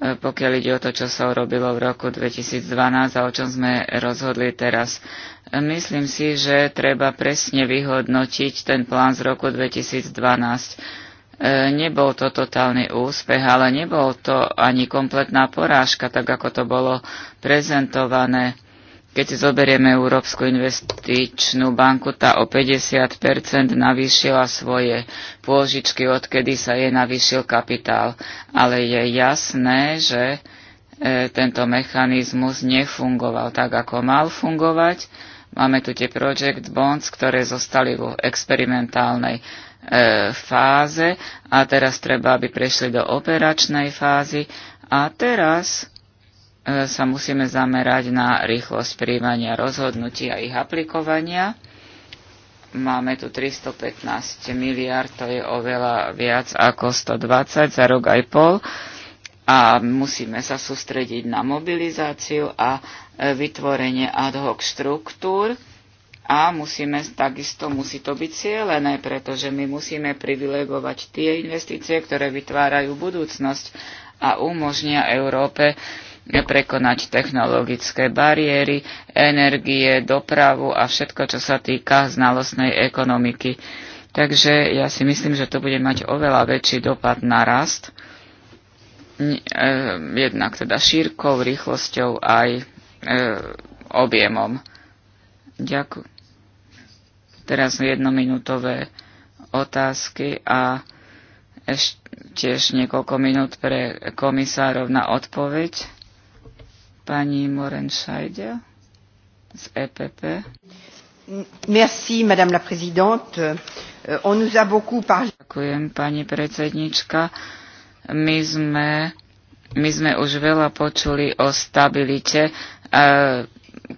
E, pokiaľ ide o to, čo sa urobilo v roku 2012 a o čom sme rozhodli teraz. E, myslím si, že treba presne vyhodnotiť ten plán z roku 2012. E, nebol to totálny úspech, ale nebol to ani kompletná porážka, tak ako to bolo prezentované. Keď si zoberieme Európsku investičnú banku, tá o 50% navýšila svoje pôžičky, odkedy sa jej navýšil kapitál. Ale je jasné, že e, tento mechanizmus nefungoval tak, ako mal fungovať. Máme tu tie project bonds, ktoré zostali vo experimentálnej e, fáze a teraz treba, aby prešli do operačnej fázy a teraz E, sa musíme zamerať na rýchlosť príjmania rozhodnutí a ich aplikovania. Máme tu 315 miliard, to je oveľa viac ako 120 za rok aj pol a musíme sa sústrediť na mobilizáciu a e, vytvorenie ad hoc štruktúr a musíme, takisto musí to byť cieľené, pretože my musíme privilegovať tie investície, ktoré vytvárajú budúcnosť a umožnia Európe prekonať technologické bariéry, energie, dopravu a všetko, čo sa týka znalostnej ekonomiky. Takže ja si myslím, že to bude mať oveľa väčší dopad na rast, eh, jednak teda šírkou, rýchlosťou aj eh, objemom. Ďakujem. Teraz jednominútové otázky a ešte tiež niekoľko minút pre komisárov na odpoveď. Pani Moren Scheider z EPP. Merci, madame la présidente. Euh, on nous a beaucoup parlé... Ďakujem, pani predsednička. My sme, my sme už veľa počuli o stabilite.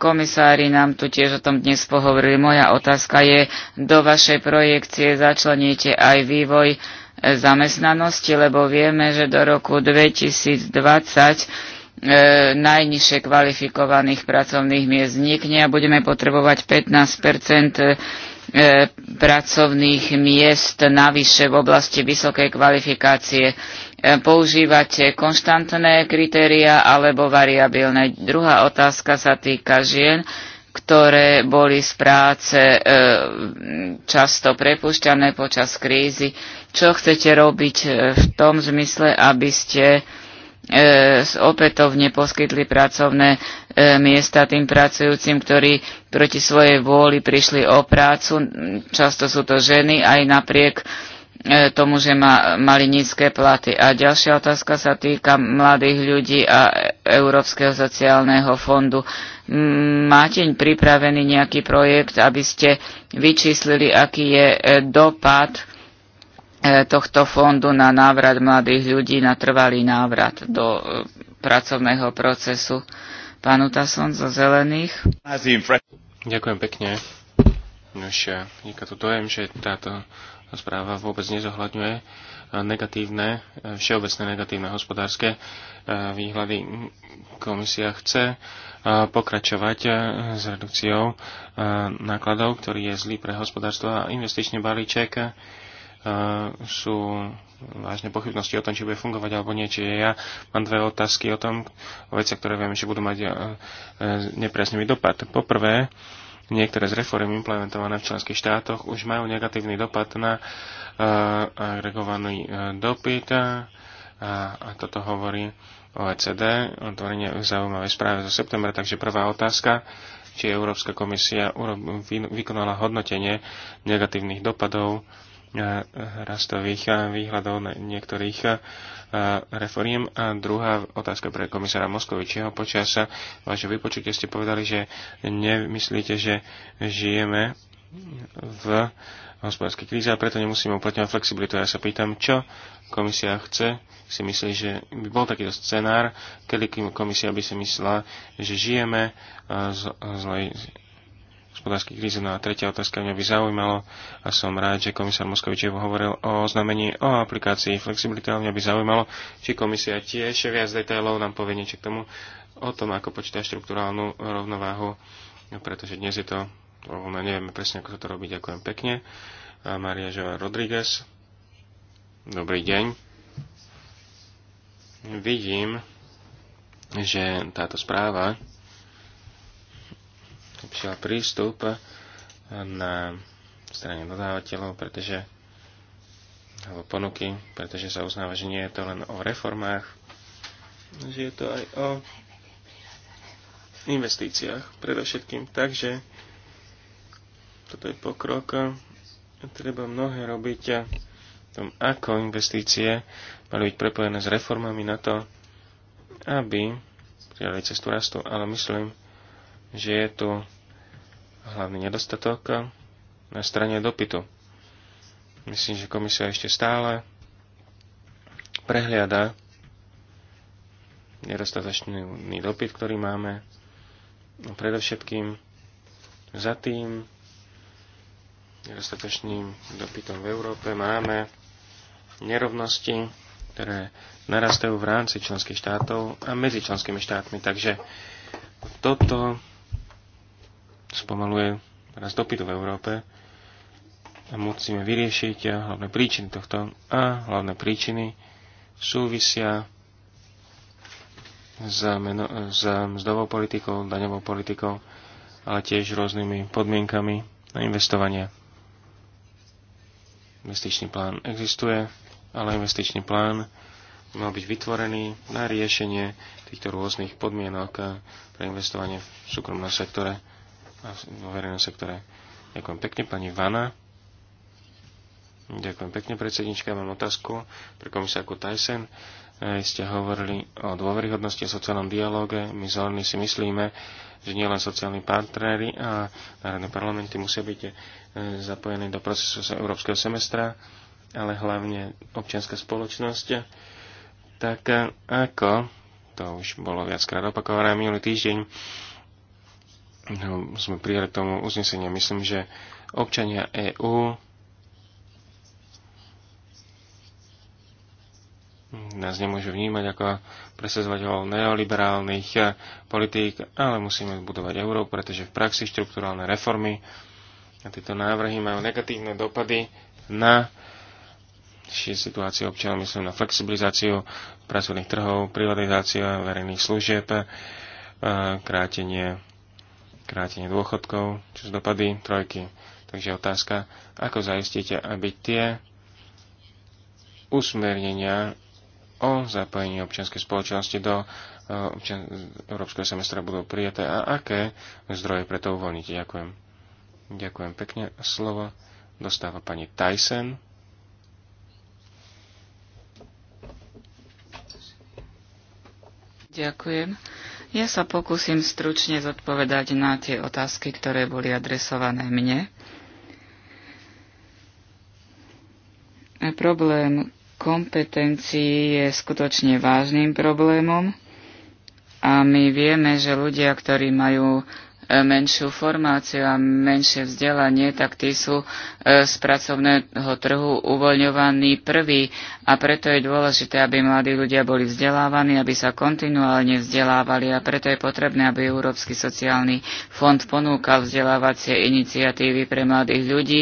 Komisári nám tu tiež o tom dnes pohovorili. Moja otázka je, do vašej projekcie začleníte aj vývoj e, zamestnanosti, lebo vieme, že do roku 2020 E, najnižšie kvalifikovaných pracovných miest vznikne a budeme potrebovať 15 e, pracovných miest navyše v oblasti vysokej kvalifikácie. E, používate konštantné kritéria alebo variabilné? Druhá otázka sa týka žien, ktoré boli z práce často prepušťané počas krízy. Čo chcete robiť v tom zmysle, aby ste E, opätovne poskytli pracovné e, miesta tým pracujúcim, ktorí proti svojej vôli prišli o prácu. Často sú to ženy aj napriek e, tomu, že ma, mali nízke platy. A ďalšia otázka sa týka mladých ľudí a Európskeho sociálneho fondu. Máte pripravený nejaký projekt, aby ste vyčíslili, aký je dopad E, tohto fondu na návrat mladých ľudí, na trvalý návrat do e, pracovného procesu. Pán Utason zo Zelených. Ďakujem pekne. Nož, vzniká to dojem, že táto správa vôbec nezohľadňuje e, negatívne, všeobecné negatívne hospodárske výhľady. Komisia chce pokračovať s redukciou nákladov, ktorý je zlý pre hospodárstvo a investičný balíček sú vážne pochybnosti o tom, či bude fungovať alebo nie. Čiže ja mám dve otázky o tom, o veciach, ktoré viem, že budú mať e, e, nepriaznivý dopad. Poprvé, niektoré z reform implementované v členských štátoch už majú negatívny dopad na e, agregovaný dopyt a, a toto hovorí OECD, otvorenie zaujímavej správy zo septembra, takže prvá otázka, či Európska komisia vykonala hodnotenie negatívnych dopadov E, rastových e, výhľadov niektorých e, reforiem. A druhá otázka pre komisára Moskovičieho. Počas vaše vypočutia ste povedali, že nemyslíte, že žijeme v hospodárskej kríze a preto nemusíme uplatňovať flexibilitu. Ja sa pýtam, čo komisia chce, si myslí, že by bol takýto scenár, kedy komisia by si myslela, že žijeme z zlej hospodárskej krízy. No a tretia otázka mňa by zaujímalo a som rád, že komisár Moskovičev hovoril o znamení o aplikácii flexibility, ale mňa by zaujímalo, či komisia tiež viac detailov nám povie niečo k tomu o tom, ako počíta štruktúrálnu rovnováhu, pretože dnes je to, no, nevieme presne, ako to robiť. Ďakujem pekne. A Maria Žová Rodriguez. Dobrý deň. Vidím, že táto správa zlepšila prístup na strane dodávateľov, pretože alebo ponuky, pretože sa uznáva, že nie je to len o reformách, že je to aj o investíciách predovšetkým. Takže toto je pokrok. Treba mnohé robiť a tom, ako investície mali byť prepojené s reformami na to, aby prijali cestu rastu, ale myslím, že je tu hlavný nedostatok na strane dopytu. Myslím, že komisia ešte stále prehliada nedostatočný dopyt, ktorý máme. No predovšetkým za tým nedostatočným dopytom v Európe máme nerovnosti, ktoré narastajú v rámci členských štátov a medzi členskými štátmi. Takže toto spomaluje raz dopytu v Európe a musíme vyriešiť hlavné príčiny tohto a hlavné príčiny súvisia s, meno, mzdovou politikou, daňovou politikou, ale tiež rôznymi podmienkami na investovanie. Investičný plán existuje, ale investičný plán mal byť vytvorený na riešenie týchto rôznych podmienok pre investovanie v súkromnom sektore vo verejnom sektore. Ďakujem pekne, pani Vana. Ďakujem pekne, predsednička. Mám otázku pre komisárku Tyson. E, ste hovorili o dôveryhodnosti a sociálnom dialóge, My zelení si myslíme, že nielen sociálni partnery a národné parlamenty musia byť e, zapojení do procesu európskeho semestra, ale hlavne občianská spoločnosť. Tak e, ako, to už bolo viackrát opakované minulý týždeň, no, sme prijali tomu uznesenia. Myslím, že občania EÚ nás nemôžu vnímať ako presadzovateľov neoliberálnych eh, politík, ale musíme budovať Európu, pretože v praxi štruktúrálne reformy a tieto návrhy majú negatívne dopady na situáciu občanov, myslím na flexibilizáciu pracovných trhov, privatizáciu verejných služieb, eh, krátenie krátenie dôchodkov, čo sú dopady trojky. Takže otázka, ako zaistíte, aby tie usmernenia o zapojení občianskej spoločnosti do e, občan- Európskeho semestra budú prijaté a aké zdroje pre to uvoľníte. Ďakujem. Ďakujem pekne. Slovo dostáva pani Tyson. Ďakujem. Ja sa pokúsim stručne zodpovedať na tie otázky, ktoré boli adresované mne. A problém kompetencií je skutočne vážnym problémom a my vieme, že ľudia, ktorí majú menšiu formáciu a menšie vzdelanie, tak tí sú e, z pracovného trhu uvoľňovaní prví a preto je dôležité, aby mladí ľudia boli vzdelávaní, aby sa kontinuálne vzdelávali a preto je potrebné, aby Európsky sociálny fond ponúkal vzdelávacie iniciatívy pre mladých ľudí,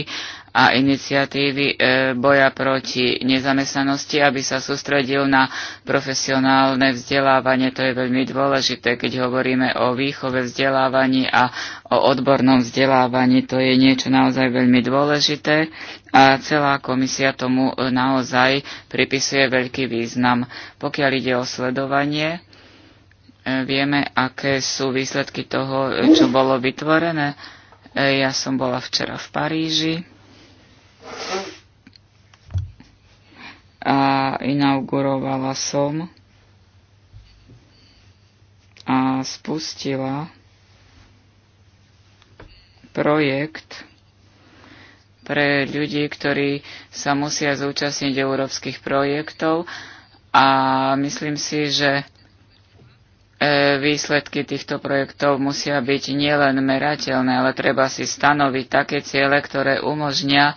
a iniciatívy e, boja proti nezamestnanosti, aby sa sústredil na profesionálne vzdelávanie. To je veľmi dôležité, keď hovoríme o výchove vzdelávaní a o odbornom vzdelávaní. To je niečo naozaj veľmi dôležité a celá komisia tomu e, naozaj pripisuje veľký význam. Pokiaľ ide o sledovanie, e, vieme, aké sú výsledky toho, čo bolo vytvorené. Ja som bola včera v Paríži a inaugurovala som a spustila projekt pre ľudí, ktorí sa musia zúčastniť európskych projektov a myslím si, že e, výsledky týchto projektov musia byť nielen merateľné, ale treba si stanoviť také ciele, ktoré umožnia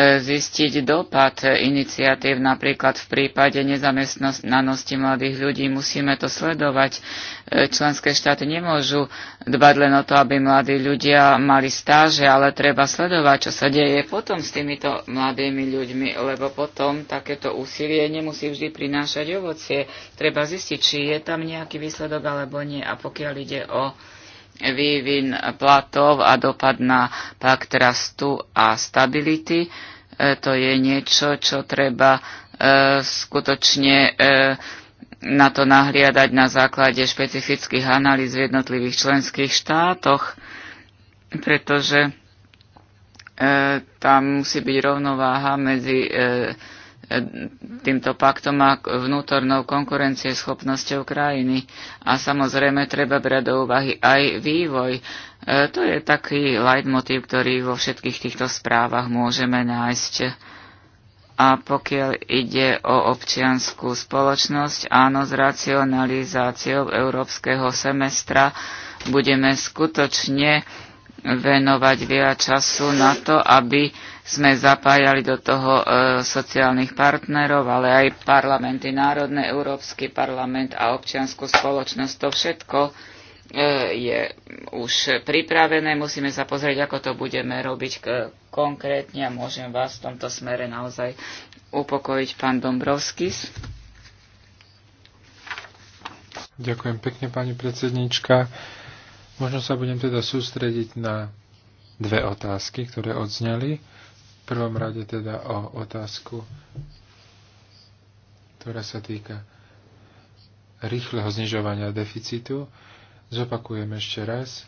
zistiť dopad iniciatív napríklad v prípade nezamestnanosti mladých ľudí. Musíme to sledovať. Členské štáty nemôžu dbať len o to, aby mladí ľudia mali stáže, ale treba sledovať, čo sa deje potom s týmito mladými ľuďmi, lebo potom takéto úsilie nemusí vždy prinášať ovocie. Treba zistiť, či je tam nejaký výsledok alebo nie. A pokiaľ ide o vývin platov a dopad na pakt rastu a stability. E, to je niečo, čo treba e, skutočne e, na to nahliadať na základe špecifických analýz v jednotlivých členských štátoch, pretože tam musí byť rovnováha medzi týmto paktom a vnútornou konkurencieschopnosťou krajiny. A samozrejme treba brať do úvahy aj vývoj. E, to je taký leitmotiv, ktorý vo všetkých týchto správach môžeme nájsť. A pokiaľ ide o občianskú spoločnosť, áno, s racionalizáciou európskeho semestra budeme skutočne venovať viac času na to, aby sme zapájali do toho e, sociálnych partnerov, ale aj parlamenty národné, Európsky parlament a občianskú spoločnosť. To všetko e, je už pripravené. Musíme sa pozrieť, ako to budeme robiť k, konkrétne a môžem vás v tomto smere naozaj upokojiť, pán Dombrovskis. Ďakujem pekne, pani predsednička. Možno sa budem teda sústrediť na dve otázky, ktoré odzneli. V prvom rade teda o otázku, ktorá sa týka rýchleho znižovania deficitu. Zopakujem ešte raz,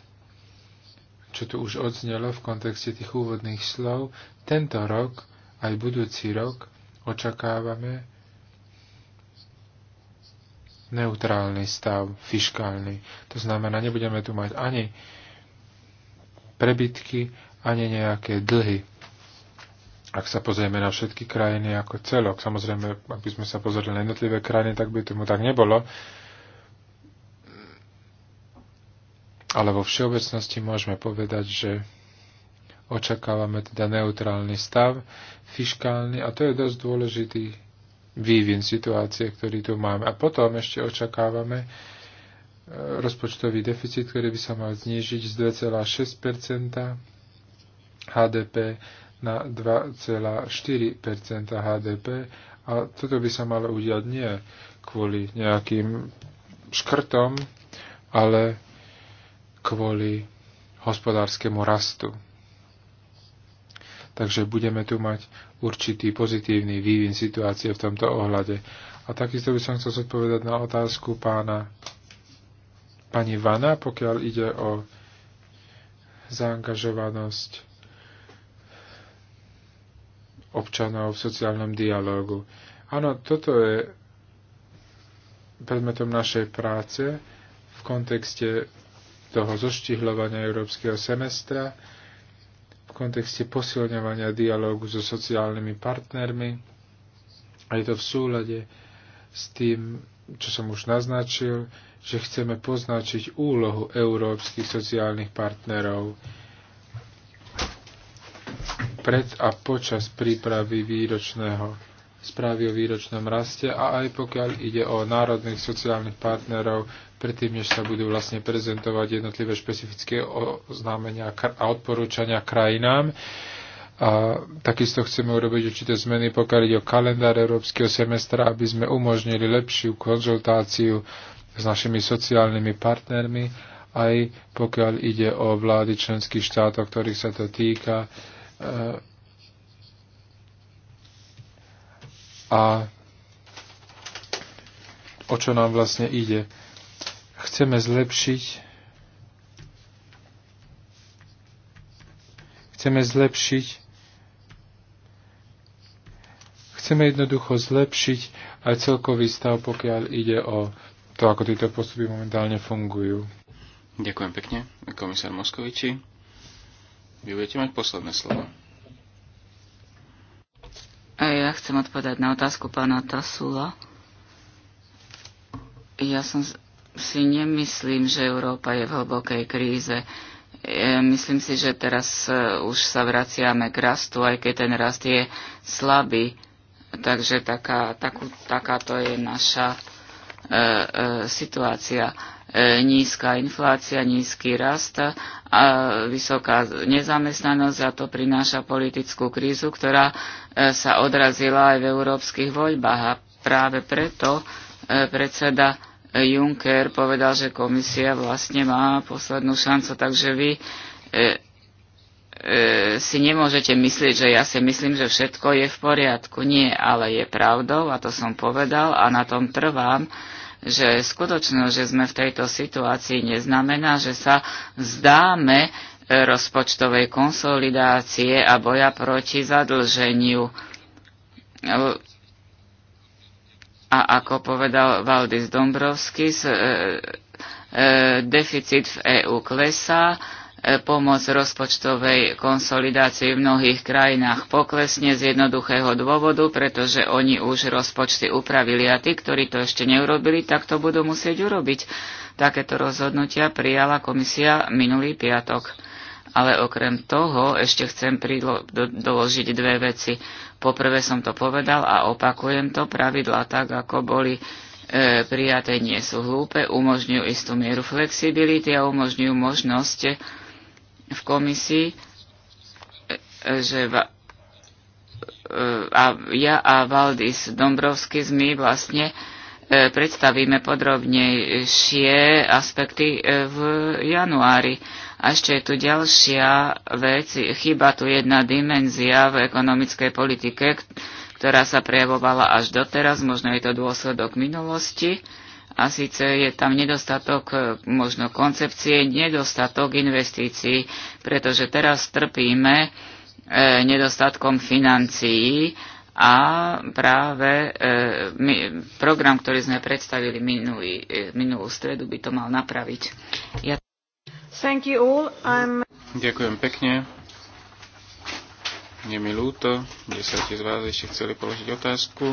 čo tu už odznelo v kontexte tých úvodných slov. Tento rok, aj budúci rok, očakávame neutrálny stav, fiškálny. To znamená, nebudeme tu mať ani prebytky, ani nejaké dlhy. Ak sa pozrieme na všetky krajiny ako celok, samozrejme, ak by sme sa pozreli na jednotlivé krajiny, tak by tomu tak nebolo. Ale vo všeobecnosti môžeme povedať, že očakávame teda neutrálny stav, fiškálny, a to je dosť dôležitý vývin situácie, ktorý tu máme. A potom ešte očakávame e, rozpočtový deficit, ktorý by sa mal znížiť z 2,6 HDP na 2,4 HDP. A toto by sa malo udiať nie kvôli nejakým škrtom, ale kvôli hospodárskemu rastu. Takže budeme tu mať určitý pozitívny vývin situácie v tomto ohľade. A takisto by som chcel zodpovedať na otázku pána pani Vana, pokiaľ ide o zaangažovanosť občanov v sociálnom dialógu. Áno, toto je predmetom našej práce v kontexte toho zoštihľovania európskeho semestra kontexte posilňovania dialógu so sociálnymi partnermi a je to v súlade s tým, čo som už naznačil, že chceme poznačiť úlohu európskych sociálnych partnerov pred a počas prípravy výročného správy o výročnom raste a aj pokiaľ ide o národných sociálnych partnerov predtým, než sa budú vlastne prezentovať jednotlivé špecifické oznámenia a odporúčania krajinám. A takisto chceme urobiť určité zmeny, pokiaľ ide o kalendár európskeho semestra, aby sme umožnili lepšiu konzultáciu s našimi sociálnymi partnermi, aj pokiaľ ide o vlády členských štátov, ktorých sa to týka. A o čo nám vlastne ide chceme zlepšiť chceme zlepšiť chceme jednoducho zlepšiť aj celkový stav, pokiaľ ide o to, ako tieto postupy momentálne fungujú. Ďakujem pekne, komisár Moskoviči. Vy budete mať posledné slovo. Ja chcem odpovedať na otázku pána Tasula. Ja som si nemyslím, že Európa je v hlbokej kríze. E, myslím si, že teraz e, už sa vraciame k rastu, aj keď ten rast je slabý. Takže taká, takú, to je naša e, e, situácia. E, nízka inflácia, nízky rast a vysoká nezamestnanosť a to prináša politickú krízu, ktorá e, sa odrazila aj v európskych voľbách. A práve preto e, predseda Juncker povedal, že komisia vlastne má poslednú šancu, takže vy e, e, si nemôžete myslieť, že ja si myslím, že všetko je v poriadku. Nie, ale je pravdou, a to som povedal a na tom trvám, že skutočnosť, že sme v tejto situácii, neznamená, že sa zdáme e, rozpočtovej konsolidácie a boja proti zadlženiu. A ako povedal Valdis Dombrovskis, e, e, deficit v EÚ klesá, e, pomoc rozpočtovej konsolidácii v mnohých krajinách poklesne z jednoduchého dôvodu, pretože oni už rozpočty upravili a tí, ktorí to ešte neurobili, tak to budú musieť urobiť. Takéto rozhodnutia prijala komisia minulý piatok. Ale okrem toho ešte chcem prilo- do- doložiť dve veci. Poprvé som to povedal a opakujem to, pravidlá tak, ako boli e, prijaté, nie sú hlúpe, umožňujú istú mieru flexibility a umožňujú možnosť v komisii, e, že va- e, a ja a Valdis Dombrovskis my vlastne e, predstavíme podrobnejšie aspekty e, v januári a ešte je tu ďalšia vec, chyba tu jedna dimenzia v ekonomickej politike, ktorá sa prejavovala až doteraz, možno je to dôsledok minulosti. A síce je tam nedostatok e, možno koncepcie, nedostatok investícií, pretože teraz trpíme e, nedostatkom financií a práve e, my, program, ktorý sme predstavili minulý, e, minulú stredu, by to mal napraviť. Ja... Ďakujem pekne. Je mi ľúto, 10 z vás ešte chceli položiť otázku.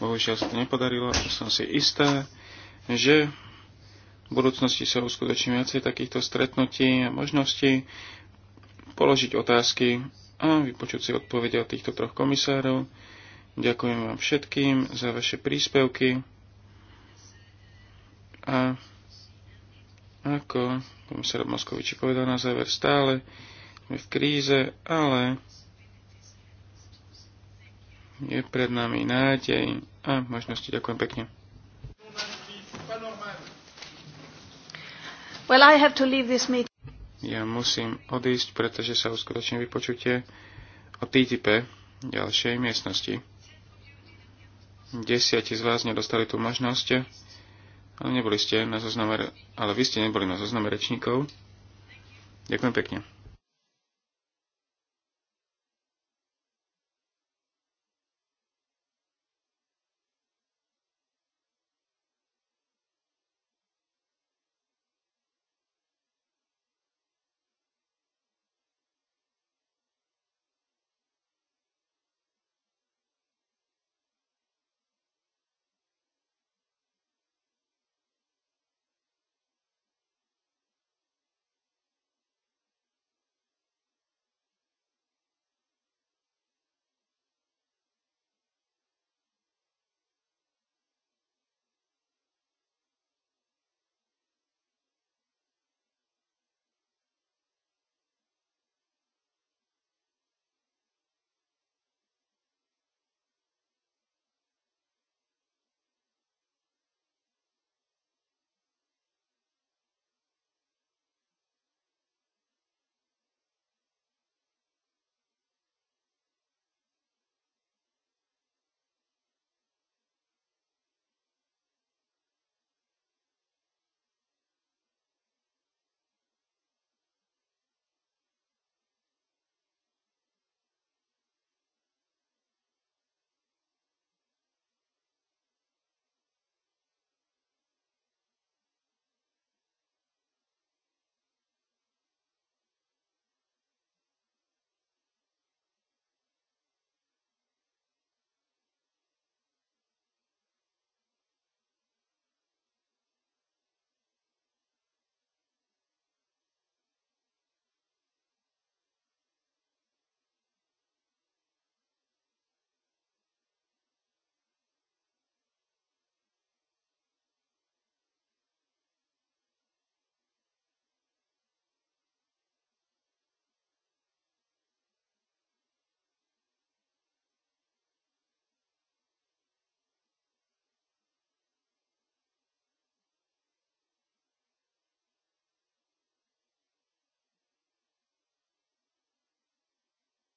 Bohužiaľ sa to nepodarilo, som si istá, že v budúcnosti sa uskutoční viacej takýchto stretnutí a možností položiť otázky a vypočuť si odpovede od týchto troch komisárov. Ďakujem vám všetkým za vaše príspevky a ako Komisár Moskovič povedal na záver stále, sme v kríze, ale je pred nami nádej a možnosti. Ďakujem pekne. Well, I have to leave this meeting. Ja musím odísť, pretože sa uskutočne vypočutie o TTP ďalšej miestnosti. Desiatí z vás nedostali tú možnosť ale Neboli ste na zozname, ale vy ste neboli na zozname rečníkov. Ďakujem pekne.